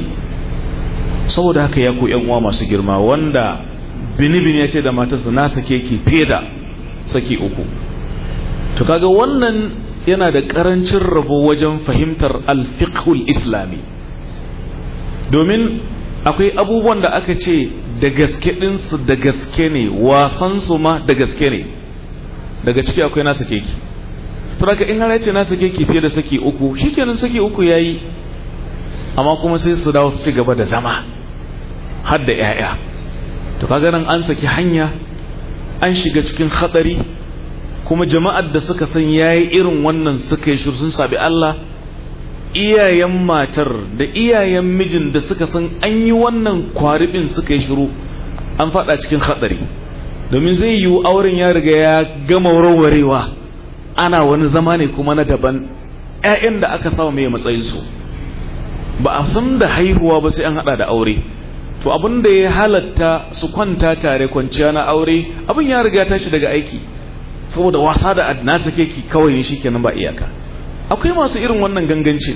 saboda haka ya ku yan uwa masu girma wanda binibin ya ce da matarsa na sake ki fiye da saki uku to kaga wannan yana da karancin rabo wajen fahimtar alfiqhul islami domin akwai abubuwan da aka ce da gaske ɗinsu da gaske ne wasansu ma da gaske ne daga ciki akwai nasa keki turaka in har yace nasa keki fiye da saki uku shikenan saki uku yayi amma kuma sai su dawo su ci gaba da zama har da 'ya'ya to kaga nan an saki hanya an shiga cikin hatsari kuma jama'ar da suka san yayi irin wannan suka yi shiru sun sabi Allah iyayen matar da iyayen mijin da suka san an yi wannan kwaribin suka yi shiru an faɗa cikin hatsari domin zai yiwu auren ya riga ya gama warwarewa ana wani zama ne kuma na daban ƴaƴan da aka sa mai matsayin su ba a san da haihuwa ba sai an haɗa da aure to abin da ya halatta su kwanta tare kwanciya na aure abin ya riga tashi daga aiki saboda wasa da adna take ki kawai ne shikenan ba iyaka akwai masu irin wannan ganganci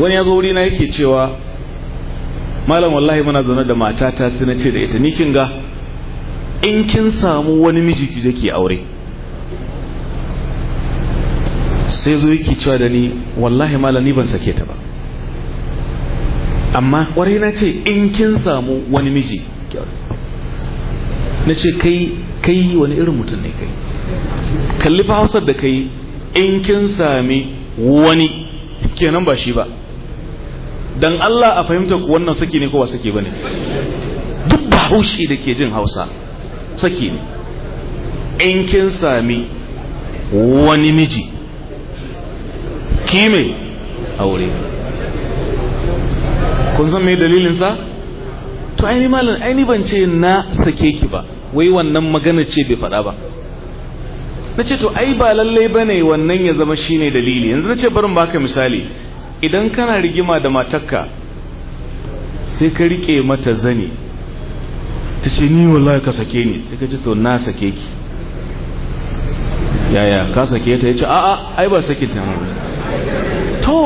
wani ya zo wuri na yake cewa malam wallahi muna zaune da matata sai na ce da ita ni kin ga in kin samu wani miji ki je ki aure sai zo yake cewa da ni wallahi malam ni ban sake ta ba amma kwarai na ce in kin samu wani miji na ce kai kai wani irin mutum ne kai kalli fa hausar da kai in kin sami wani kenan ba shi ba dan Allah a fahimta ku wannan saki ne ko ba saki duk ba haushi da ke jin hausa saki ne in kin sami wani miji kime aure kun san me dalilin sa to aini malam aini ban ce na sake ki ba wai wannan magana ce bai faɗa ba na ce to ai ba lallai bane wannan ya zama shine dalili yanzu na ce barin baka misali idan kana rigima da matarka sai ka rike mata zani ta ce ni wallahi ka sake ni sai ka ce to na sake ki yaya ka sake ta ya ce a'a ai ba sake ta to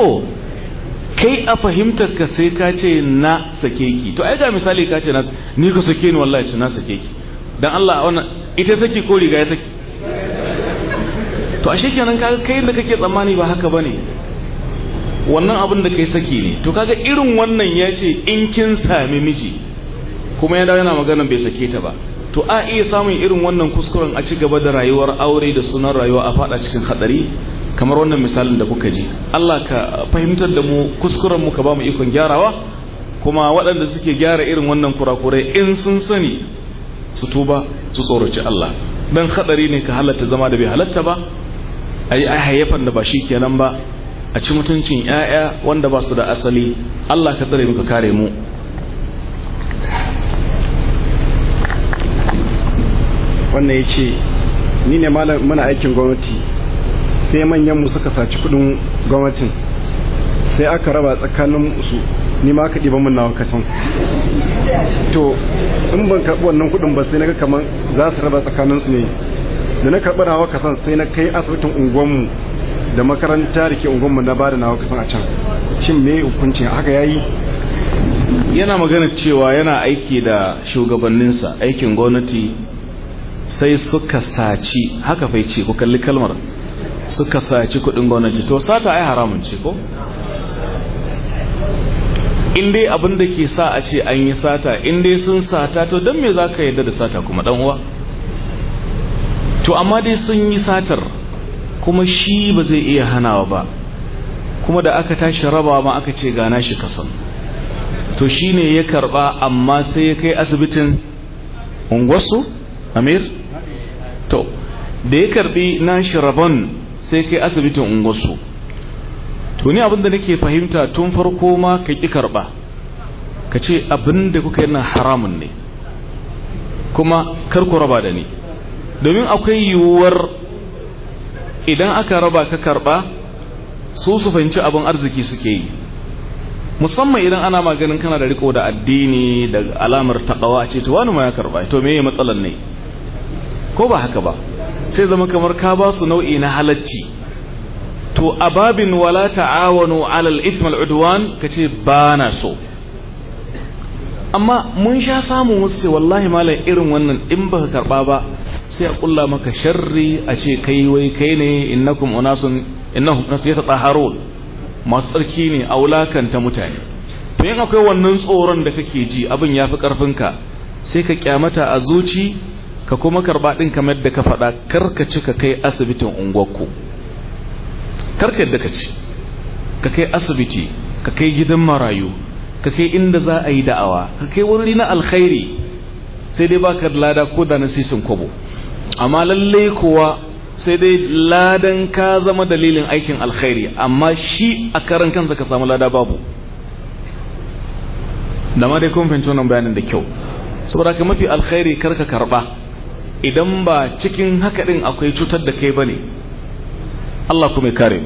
kai a fahimtar ka sai ka ce na sake ki to ai ga misali ka ce na ni ka sake ni wallahi ce na sake ki dan Allah wannan ita saki ko riga ya saki to ashe kenan kaga kai da kake tsammani ba haka bane wannan abin da kai saki ne to kaga irin wannan ya ce in kin sami miji kuma ya dawo yana magana bai sake ta ba to a iya samun irin wannan kuskuren a ci gaba da rayuwar aure da sunan rayuwa a fada cikin hadari kamar wannan misalin da kuka ji Allah ka fahimtar da mu kuskuren mu ka ba ikon gyarawa kuma waɗanda suke gyara irin wannan kurakurai in sun sani su tuba su tsoroci Allah dan hadari ne ka halatta zama da bai halatta ba ai ai hayyafan da ba shi kenan ba a ci mutuncin 'ya'ya wanda ba su da asali Allah ka tsare mu ka kare mu wannan yace ni ne mana aikin gwamnati sai manyan mu suka saci kudin gwamnatin sai aka raba tsakanin su ni ma ka ɗiba min nawa kasan to in ban karbi wannan kuɗin ba sai na kaman kamar za su raba tsakanin su ne da na karbi nawa kasan sai na kai asibitin unguwanmu da makaranta da ke unguwanmu na bada nawa kasan a can shin me hukuncin haka yayi yana magana cewa yana aiki da shugabanninsa aikin gwamnati sai suka saci haka fa ce ku kalli kalmar suka saci kudin gwamnati to sata ai haramun ce ko in dai abin da ke sa a ce an yi sata in dai sun sata to don me za ka yarda da sata kuma dan uwa to amma dai sun yi satar kuma shi ba zai iya hanawa ba kuma da aka tashi raba ma aka ce gana shi kasan to shi ne ya karba amma sai ya kai asibitin unguwarsu amir to da ya karbi nashi rabon sai kai asibitin unguwarsu to ni abinda nake fahimta tun farko ma ka ƙi karɓa ka ce abinda kuka yi nan haramun ne kuma kar ku raba da ni domin akwai yiwuwar idan aka raba ka karba su su fahimci abin arziki suke yi musamman idan ana maganin kana da riko da addini da alamar takawa ce to wani ma ya karba to me ya matsalar ne ko ba haka ba sai zama kamar ka ba su nau'i na halacci to a babin wala ta'awanu alal ithmal udwan kace ba na so amma mun sha samun wasu sai wallahi malam irin wannan in baka karba ba sai a kulla maka sharri a ce kai wai kai ne innakum unasun innahum nas yatahharun masu tsarki ne a wulakanta mutane to yin akwai wannan tsoron da kake ji abin yafi karfinka sai ka kyamata a zuci ka kuma karba din kamar da ka faɗa karka cika ka kai asibitin unguwarku karka yadda ka ci ka kai asibiti ka kai gidan marayu ka kai inda za a yi da'awa ka kai wuri na alkhairi sai dai baka da lada ko da na sisin kwabo amma lallai kuwa sai dai ladan ka zama dalilin aikin alkhairi amma shi a karan kansa ka samu lada babu da ma dai kun fahimci wannan bayanin da kyau saboda ka mafi alkhairi karka karba idan ba cikin haka din akwai cutar da kai bane Allah kuma kare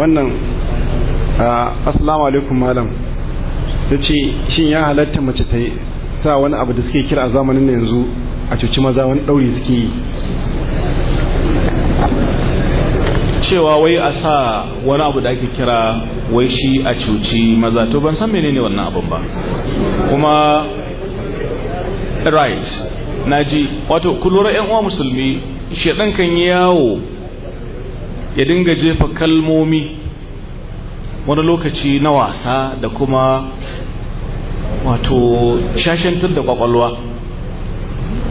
wannan assalamu alaikum malam ta ce shin ya halatta mace ta sa wani abu da suke kira a zamanin yanzu a cuci maza wani ɗauri suke yi cewa wai a sa wani abu da ake kira wai shi a cuci maza to ban san menene wannan abin ba kuma right naji wato kulura yan uwa musulmi shedan kan yawo ya dinga jefa kalmomi wani lokaci na wasa da kuma wato shashantar da kwakwalwa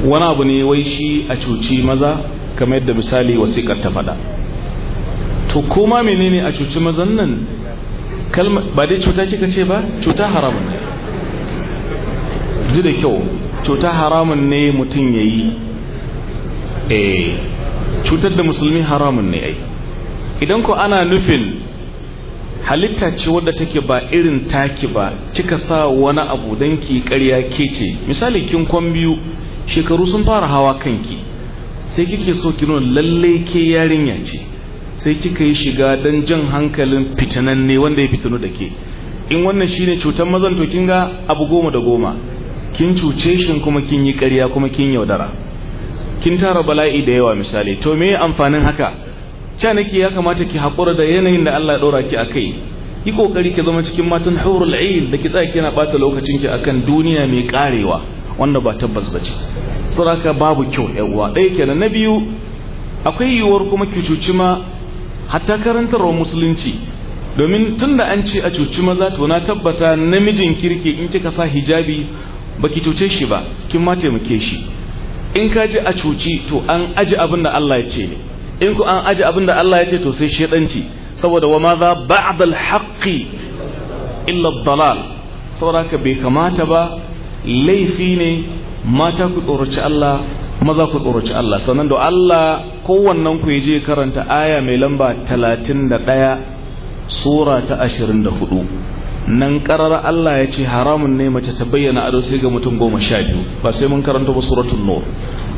wani abu ne wai shi a cuci maza kamar yadda misali wasiƙar ta faɗa to koma menene a cuci mazan nan kalma ba dai cuta kika ce ba cuta haramun ne da kyau cuta haramun ne mutum ya yi eh, cutar da musulmi haramun ne ai idan ko ana nufin halitta ce wadda take ba irin taki ba kika sa wani abu don ki karya ke ce misali kin kwan biyu shekaru sun fara hawa kanki sai kike so ki nuna lallai ke yarinya ce sai kika yi shiga don jan hankalin fitanan ne wanda ya fitinu da ke in wannan shine cutar mazan to kin ga abu goma da goma kin cuce shi kuma kin yi ƙarya kuma kin yaudara kin tara bala'i da yawa misali to me amfanin haka nake ya kamata ki haƙura da yanayin da Allah ya ɗora ki a kai yi ƙoƙari ki zama cikin matan haurul ayin da ki tsaya kina ɓata lokacin ki akan duniya mai ƙarewa wanda ba tabbas ba ce saboda babu kyau yawa ɗaya kenan na biyu akwai yiwuwar kuma ki cuci ma hatta karantarwa musulunci domin tun da an ce a cuci maza to na tabbata namijin kirki in kika sa hijabi baki cuce shi ba kin ma taimake shi in ka ji a cuci to an aji abin da Allah ya ce ne in ku an aji abin da Allah ya ce to sai shedanci saboda wa maza ba'da al-haqqi illa ad-dalal saboda ka bai kamata ba laifi ne mata ku tsoraci Allah maza ku tsoraci Allah sannan da Allah kowannen ku je karanta aya mai lamba 31 sura ta 24 nan karar Allah ya ce haramun ne mace ta bayyana ado sai ga mutum goma sha biyu ba sai mun karanta ba suratul nur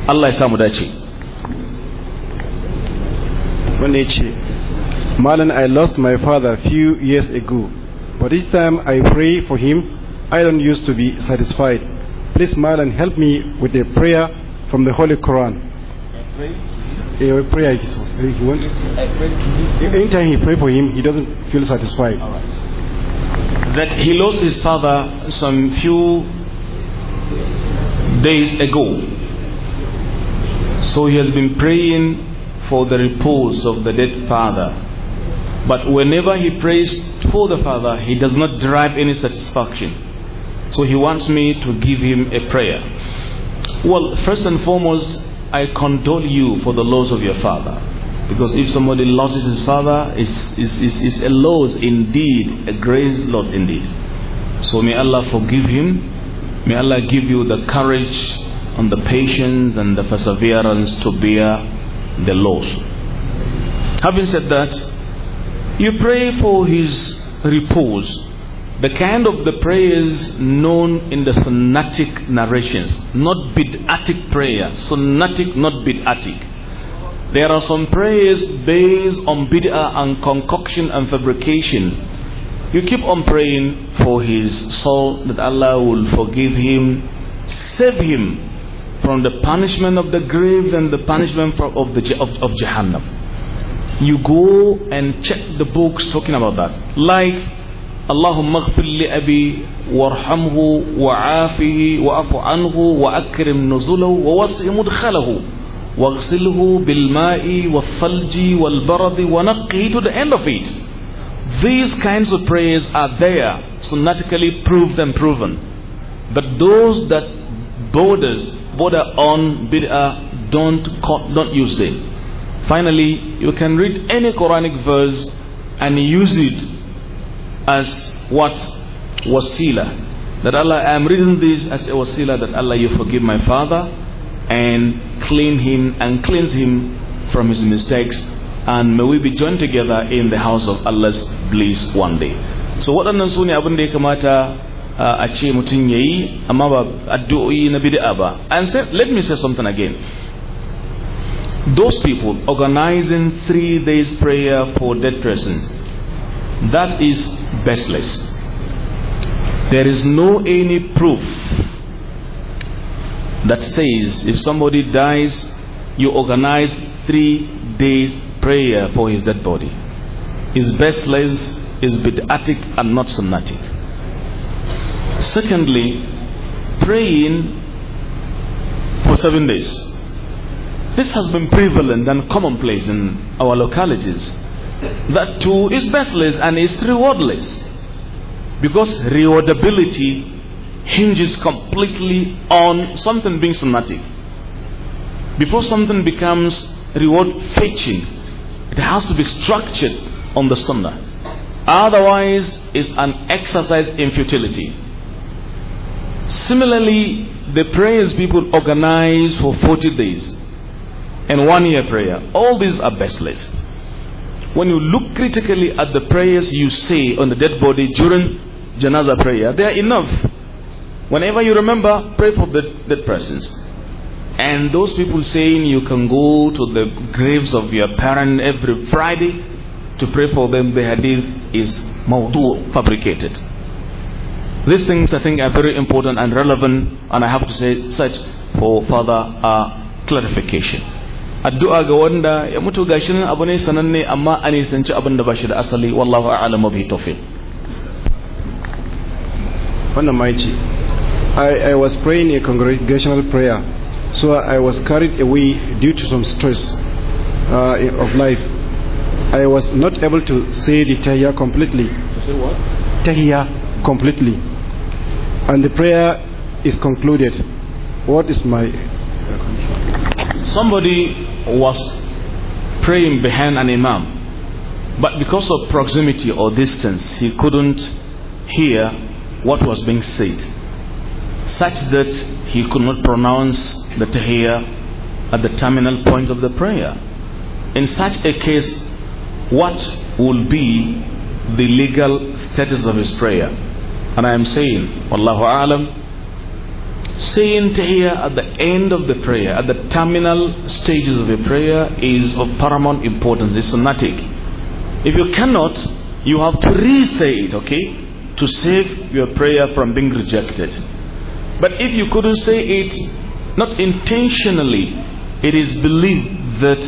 Allah ya sa mu dace wanda ya ce Malan I lost my father few years ago but this time I pray for him I don't used to be satisfied please Malan help me with a prayer from the Holy Quran a prayer he wants. He Anytime he pray for him, he doesn't feel satisfied. That he lost his father some few days ago. So he has been praying for the repose of the dead father. But whenever he prays for the father, he does not derive any satisfaction. So he wants me to give him a prayer. Well, first and foremost, I condole you for the loss of your father. Because if somebody loses his father, it's, it's, it's, it's a loss indeed, a great loss indeed. So may Allah forgive him. May Allah give you the courage and the patience and the perseverance to bear the loss. Having said that, you pray for his repose the kind of the prayers known in the sunnatic narrations, not bid'atic prayer, sunnatic, not bid'atic. There are some prayers based on bid'ah and concoction and fabrication. You keep on praying for his soul that Allah will forgive him, save him from the punishment of the grave and the punishment of, the, of, of Jahannam. You go and check the books talking about that. Like اللهم اغفر لأبي وارحمه وعافه وأف عنه وأكرم نزله ووسع مدخله واغسله بالماء والثلج والبرد ونقه to the end of it these kinds of prayers are there sunnatically proved and proven but those that borders border on bid'ah don't don't use them finally you can read any Quranic verse and use it as what? Wasila. That Allah, I am reading this as a wasila that Allah, you forgive my father and clean him and cleanse him from his mistakes. And may we be joined together in the house of Allah's bliss one day. So what su ne abin da ya kamata uh, a ce mutum ya yi amma ba addu'o'i na bid'a ba. And let me say something again. Those people organizing three days prayer for dead person that is baseless there is no any proof that says if somebody dies you organize three days prayer for his dead body is baseless is bid'atic and not sunnatic secondly praying for seven days this has been prevalent and commonplace in our localities that too is baseless and is rewardless because rewardability hinges completely on something being somatic before something becomes reward fetching it has to be structured on the sunnah otherwise it's an exercise in futility similarly the prayers people organize for 40 days and one year prayer all these are baseless when you look critically at the prayers you say on the dead body during janaza prayer, they are enough. Whenever you remember, pray for the dead persons. And those people saying you can go to the graves of your parent every Friday to pray for them, the hadith is mawdu, fabricated. These things I think are very important and relevant, and I have to say such for further uh, clarification addu'a ga wanda ya mutu gashi nan abu ne sananne amma a nisanci abin da ba shi da asali wallahu a'lam tawfiq wannan mai ce I, I was praying a congregational prayer so I was carried away due to some stress uh, of life I was not able to say the tahiyya completely to say what? completely and the prayer is concluded what is my somebody was praying behind an imam. But because of proximity or distance, he couldn't hear what was being said, such that he could not pronounce the tahir at the terminal point of the prayer. In such a case, what would be the legal status of his prayer? And I am saying, Wallahu Alam, Saying tahiyya at the end of the prayer, at the terminal stages of a prayer is of paramount importance. It's sunnatic. If you cannot, you have to re-say it, okay? To save your prayer from being rejected. But if you couldn't say it, not intentionally, it is believed that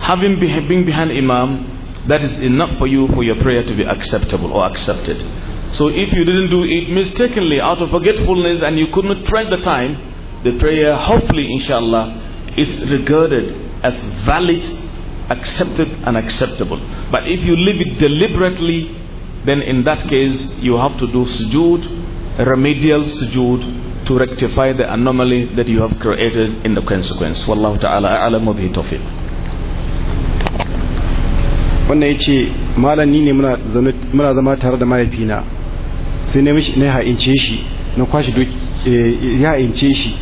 having been behind Imam, that is enough for you for your prayer to be acceptable or accepted. So if you didn't do it mistakenly out of forgetfulness and you could not trace the time, the prayer hopefully inshallah is regarded as valid, accepted and acceptable. But if you leave it deliberately, then in that case you have to do sujood, remedial sujood to rectify the anomaly that you have created in the consequence. Wallahu ta'ala a'lamu bihi tawfiq. wannan ya malam ni ne muna zama tare da mahaifina sai na mishi na ha'ince shi na kwashi eh, ya ince shi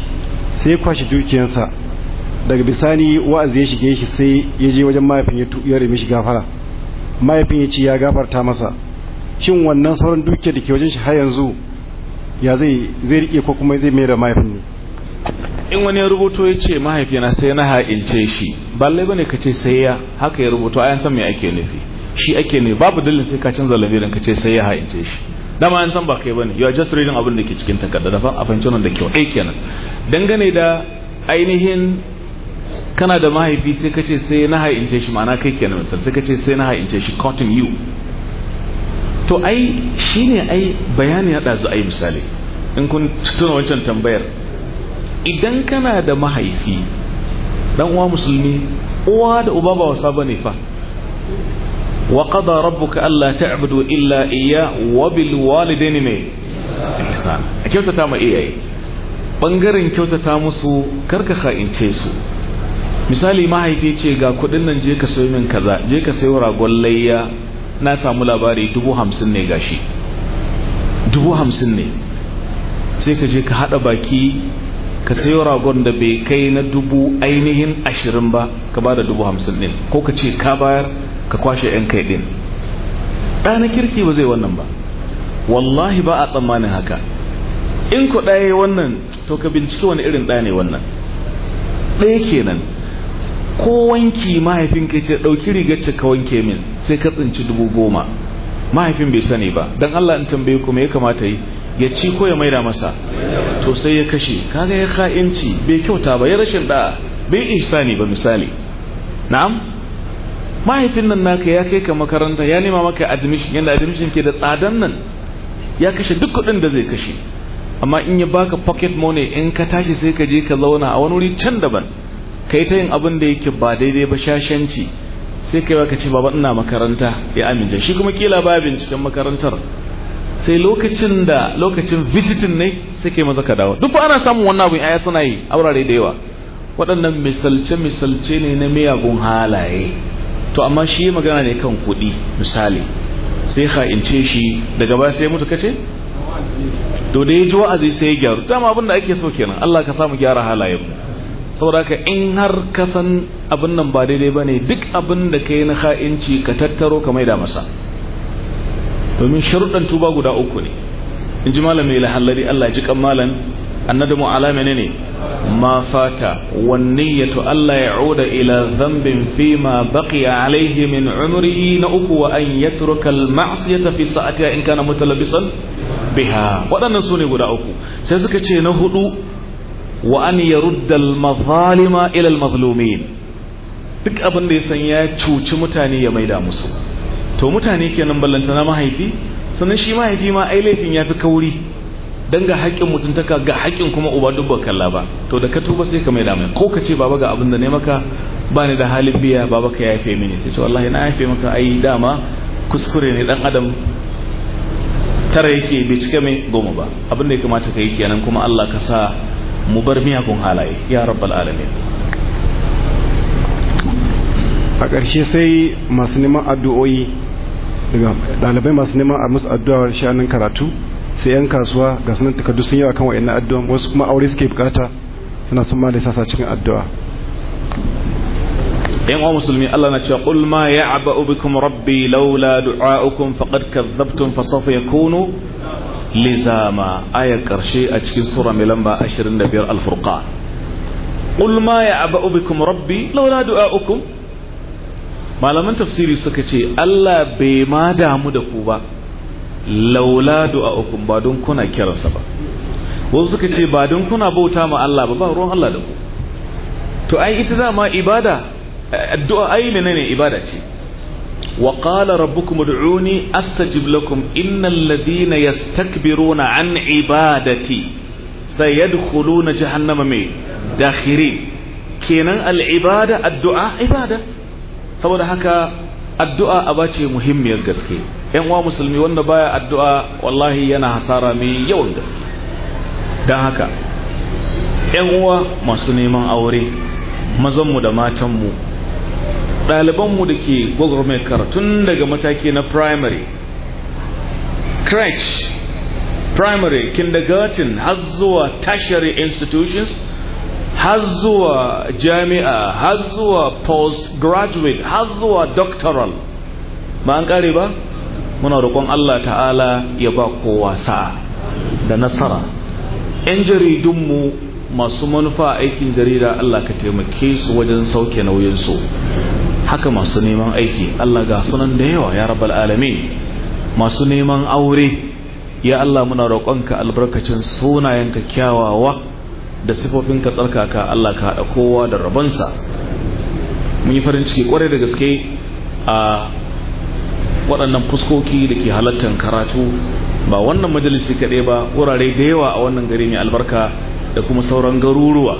sai ya kwashi dukiyansa daga bisani wa'azi ya shige shi sai ya je wajen mahaifin ya remi shi gafara mahaifin ya ci ya gafarta masa shin wannan sauran dukiyar da ke wajen shi har yanzu ya zai zai rike ko kuma zai mayar da mahaifin ne in wani ya rubuto ya ce mahaifina sai na ha'ilce shi laiba bane ka ce sai ya haka ya rubuto ayan san me ake nufi shi ake nufi babu dalilin sai ka canza lamirin ka ce sai ya ha'ilce shi ma an san ba kai bane you are just reading abin da ke cikin takarda da a fahimci wannan da kyau ai kenan dangane da ainihin kana da mahaifi sai kace sai na haince shi ma'ana kai kenan misal sai kace sai na haince shi cotton you to ai shine ai bayani ya dazu ai misali in kun tuna wancan tambayar idan kana da mahaifi dan uwa musulmi uwa da uba ba wasa bane fa وقضى ربك ألا تعبدوا إلا إياه وبالوالدين ne ihsan a kyautata ma iyaye bangaren kyautata musu karka kha'ince su misali mahaifi ce ga kudin nan je ka sayo min kaza je ka sayo ragon layya na samu labari dubu hamsin ne gashi dubu hamsin ne sai ka je ka hada baki ka sayo ragon da bai kai na dubu ainihin ashirin ba ka ba da dubu hamsin din ko ka ce ka bayar ka kwashe 'yan kai ɗin ɗana kirki ba zai wannan ba wallahi ba a tsammanin haka in ku ɗaya wannan to ka binciki wani irin ɗane ne wannan ɗaya kenan ko wanki mahaifin ka ce ɗauki rigar ce ka wanke min sai ka tsinci dubu goma mahaifin bai sani ba don allah in tambayi kuma ya kamata yi ya ci ko ya maida masa to sai ya kashe kaga ya ka'inci bai kyauta ba ya rashin ɗa bai ihsani ba misali na'am mahaifin nan naka ya kai ka makaranta ya nema maka admission yadda admission ke da tsadan nan ya kashe duk kuɗin da zai kashe amma in ya baka pocket money in ka tashi sai ka je ka zauna a wani wuri can daban ka yi ta yin abin da yake ba daidai ba shashanci sai kai yi ka ce baba ina makaranta ya aminta shi kuma kila ba binciken makarantar sai lokacin da lokacin visitin ne sai ka maza ka dawo duk ba ana samun wannan abin aya suna yi a da yawa waɗannan misalce-misalce ne na miyagun halaye to amma shi magana ne kan kuɗi misali sai ha'ince shi daga ba sai mutu kace to da ya ji wa'azi sai ya gyaru dama abin da ake so kenan Allah ka samu gyara halayen mu saboda ka in har ka san abin nan ba daidai bane duk abin da ka na ha'inci ka tattaro ka maida masa domin sharuɗan tuba guda uku ne in ji malamai lahallari Allah ji kan malam annadamu ala menene ma fata wanniyatu Allah ya'uda ila dhanbin fima baqiya alayhi min umrihi na uku wa an yatruka al-ma'siyata fi sa'atiha in kana mutalabbisan biha wadannan sune guda uku sai suka ce na hudu wa an yarudda al-mazalima ila al-mazlumin duk abin da ya san ya cuci mutane ya maida musu to mutane kenan na mahaifi sannan shi mahaifi ma ai laifin yafi kauri dan ga haƙƙin mutuntaka ga haƙƙin kuma uba duk ba kalla ba to da ka tuba sai ka mai mai ko ka ce baba ga abin da ne maka ba ni da halin biya baba ka yafe mini sai ce wallahi na yafe maka ai dama kuskure ne dan adam tara yake bai cika mai goma ba abin da ya kamata ka yi kenan kuma Allah ka sa mu bar miyakun halaye ya rabbal alamin a ƙarshe sai masu neman addu'o'i daga ɗalibai masu neman a musu addu'a shanun karatu sai yan kasuwa ga sunan takardu sun yawa kan wa'annan addu'a wasu kuma aure suke bukata suna sun ma da sasa cikin addu'a yan wa musulmi Allah na cewa qul ma ya'ba'u bikum rabbi laula du'a'ukum faqad kadzabtum fa sawfa yakunu lizama ayar karshe a cikin sura mai lamba 25 al-furqan qul ma ya'ba'u bikum rabbi laula du'a'ukum malaman tafsiri suka ce Allah bai ma damu da ku ba laula du'a du'a'ukum ba don kuna kiransa ba wasu suka ce ba don kuna bauta ma Allah ba ba ruwan Allah da ku to ai ita dama ibada addu'a ai menene ibada ce wa qala rabbukum ud'uni astajib lakum innal ladhina yastakbiruna an ibadati sayadkhuluna jahannama me. dakhirin kenan al ibada addu'a ibada saboda haka addu'a aba ce muhimmiyar gaske ‘yan wa musulmi wanda baya addu'a wallahi yana hasara mai yawan gaske don haka ‘yan uwa masu neman aure mazanmu da matanmu mu da ke gwagwarmai karatun daga mataki na primary crash primary kindergarten har zuwa tertiary institutions har zuwa jami'a har zuwa postgraduate har zuwa doctoral ba an kare ba muna roƙon Allah ta'ala ya ba kowa sa'a da nasara yan jaridunmu masu manufa aikin jarida Allah ka taimake su wajen sauke nauyinsu haka masu neman aiki Allah ga sunan da yawa ya rabbal alamin masu neman aure ya Allah muna roƙonka albarkacin sunayen sunayenka kyawawa da sifofin ka tsarkaka Allah ka haɗa kowa da rabonsa mun yi farin ciki kwarai da gaske a waɗannan fuskoki da ke halartar karatu ba wannan majalisi kaɗai ba wurare da yawa a wannan gari mai albarka da kuma sauran garuruwa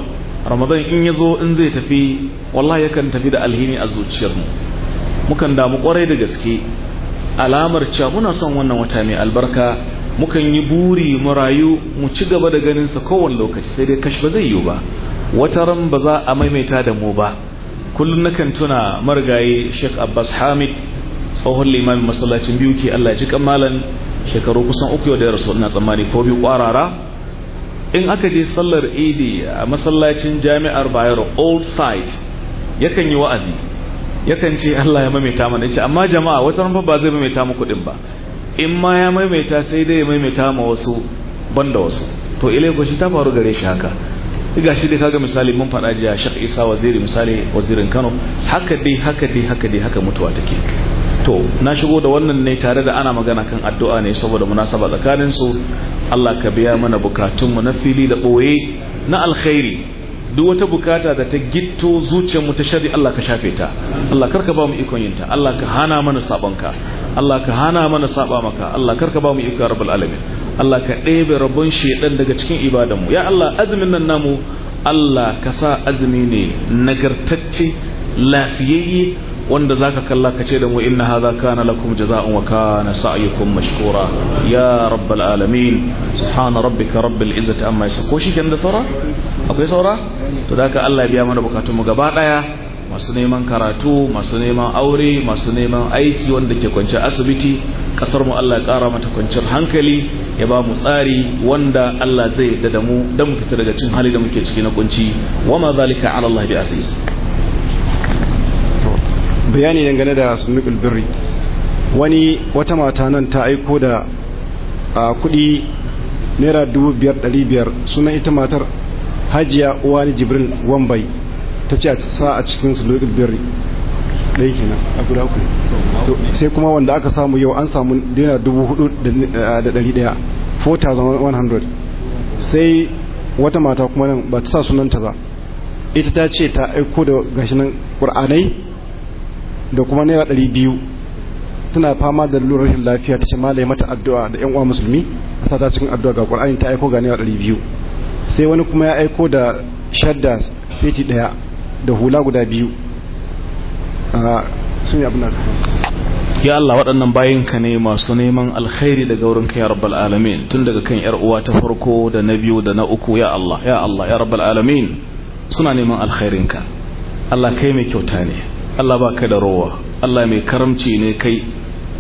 ramadan in ya zo in zai tafi wallahi yakan tafi da alhini a zuciyarmu mukan damu kwarai da gaske alamar cewa muna son wannan wata mai albarka mukan yi buri mu rayu mu ci gaba da ganin sa kowane lokaci sai dai kashi ba zai yiwu ba wata ran ba za a maimaita da mu ba kullum nakan tuna marigayi Sheikh Abbas Hamid tsohon limamin masallacin biyu ke Allah ji kamalan shekaru kusan uku yau da rasu ina tsammani ko biyu kwarara in aka je sallar idi a masallacin jami'ar Bayero old site yakan yi wa'azi yakan ce Allah ya maimaita mana ce amma jama'a wata ran ba zai maimaita muku din ba in ma ya maimaita sai dai ya maimaita ma wasu banda wasu to ilai ko shi ta faru gare shi haka ga shi dai kaga misali mun faɗa jiya shek isa waziri misali wazirin kano haka dai haka dai haka dai haka mutuwa take to na shigo da wannan ne tare da ana magana kan addu'a ne saboda munasaba tsakanin su Allah ka biya mana bukatun mu na fili da boye na alkhairi duk wata bukata da ta gitto zuciyarmu ta shari Allah ka shafe ta Allah karka ba mu ikon yinta Allah ka hana mana sabon ka Allah ka hana mana saba maka Allah karka ba mu iko ya alamin Allah ka ɗebe rabon shedan daga cikin ibadanmu ya Allah azumin nan namu Allah ka sa azumi ne nagartacce lafiyayye wanda zaka kalla ka ce da mu inna hadha kana lakum jazaa'un wa kana sa'yukum mashkura ya rabbal alamin subhana rabbika rabbil izzati amma yasifun ko shi kan da saura akwai saura to da Allah ya biya mana bukatun mu gaba daya masu neman karatu masu neman aure masu neman aiki wanda ke kwanci asibiti kasar mu Allah ya kara mata kwanciyar hankali ya ba mu tsari wanda Allah zai da mu dan mu fita daga cikin hali da muke ciki na kunci wa ma zalika ala Allah bi aziz bayani dangane da sunnul birri wani wata mata nan ta aiko da kuɗi naira dubu sunan ita matar hajiya uwani jibril wambai ta ce a sa a cikin sulogin birri ɗaya kenan a guda uku sai kuma wanda aka samu yau an samu dina dubu hudu da eh, ɗari ɗaya 4,100 sai wata mata kuma nan ba ta sa sunanta ba ita ta ce ta aiko da gashinan ƙur'anai da kuma naira ɗari biyu tana fama da lurarhin lafiya ta ce malai mata addu'a da yan uwa musulmi a sa ta cikin addu'a ga ƙur'ani ta aiko ga naira ɗari biyu sai wani kuma ya aiko da shadda seti ɗaya da hula guda biyu sun yi abin ya Allah waɗannan bayan ka ne masu neman alkhairi daga wurin ka ya rabbal alamin tun daga kan yar uwa ta farko da na biyu da na uku ya Allah ya Allah ya rabbal alamin suna neman ka Allah kai mai kyauta ne Allah baka da rowa Allah mai karamci ne kai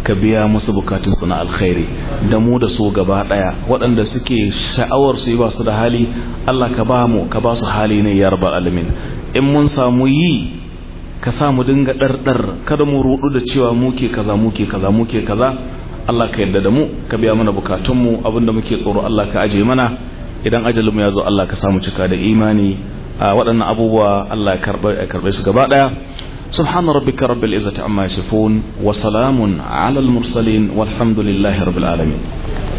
ka biya musu bukatun suna na alkhairi da mu da su gaba daya waɗanda suke sha'awar su yi ba su da hali Allah ka ba mu ka ba su hali ne ya rabbal alamin in mun samu yi ka sa mu dinga ɗarɗar kada mu rudu da cewa muke kaza muke kaza muke kaza Allah ka yarda da mu ka biya mana bukatunmu abinda muke tsoro Allah ka aje mana idan ajalinmu ya zo Allah ka samu cika da imani a ah, waɗannan abubuwa Allah ya karɓe su gaba ɗaya subhana rabbika rabbil izzati amma yasifun wa salamun alal mursalin walhamdulillahi rabbil alamin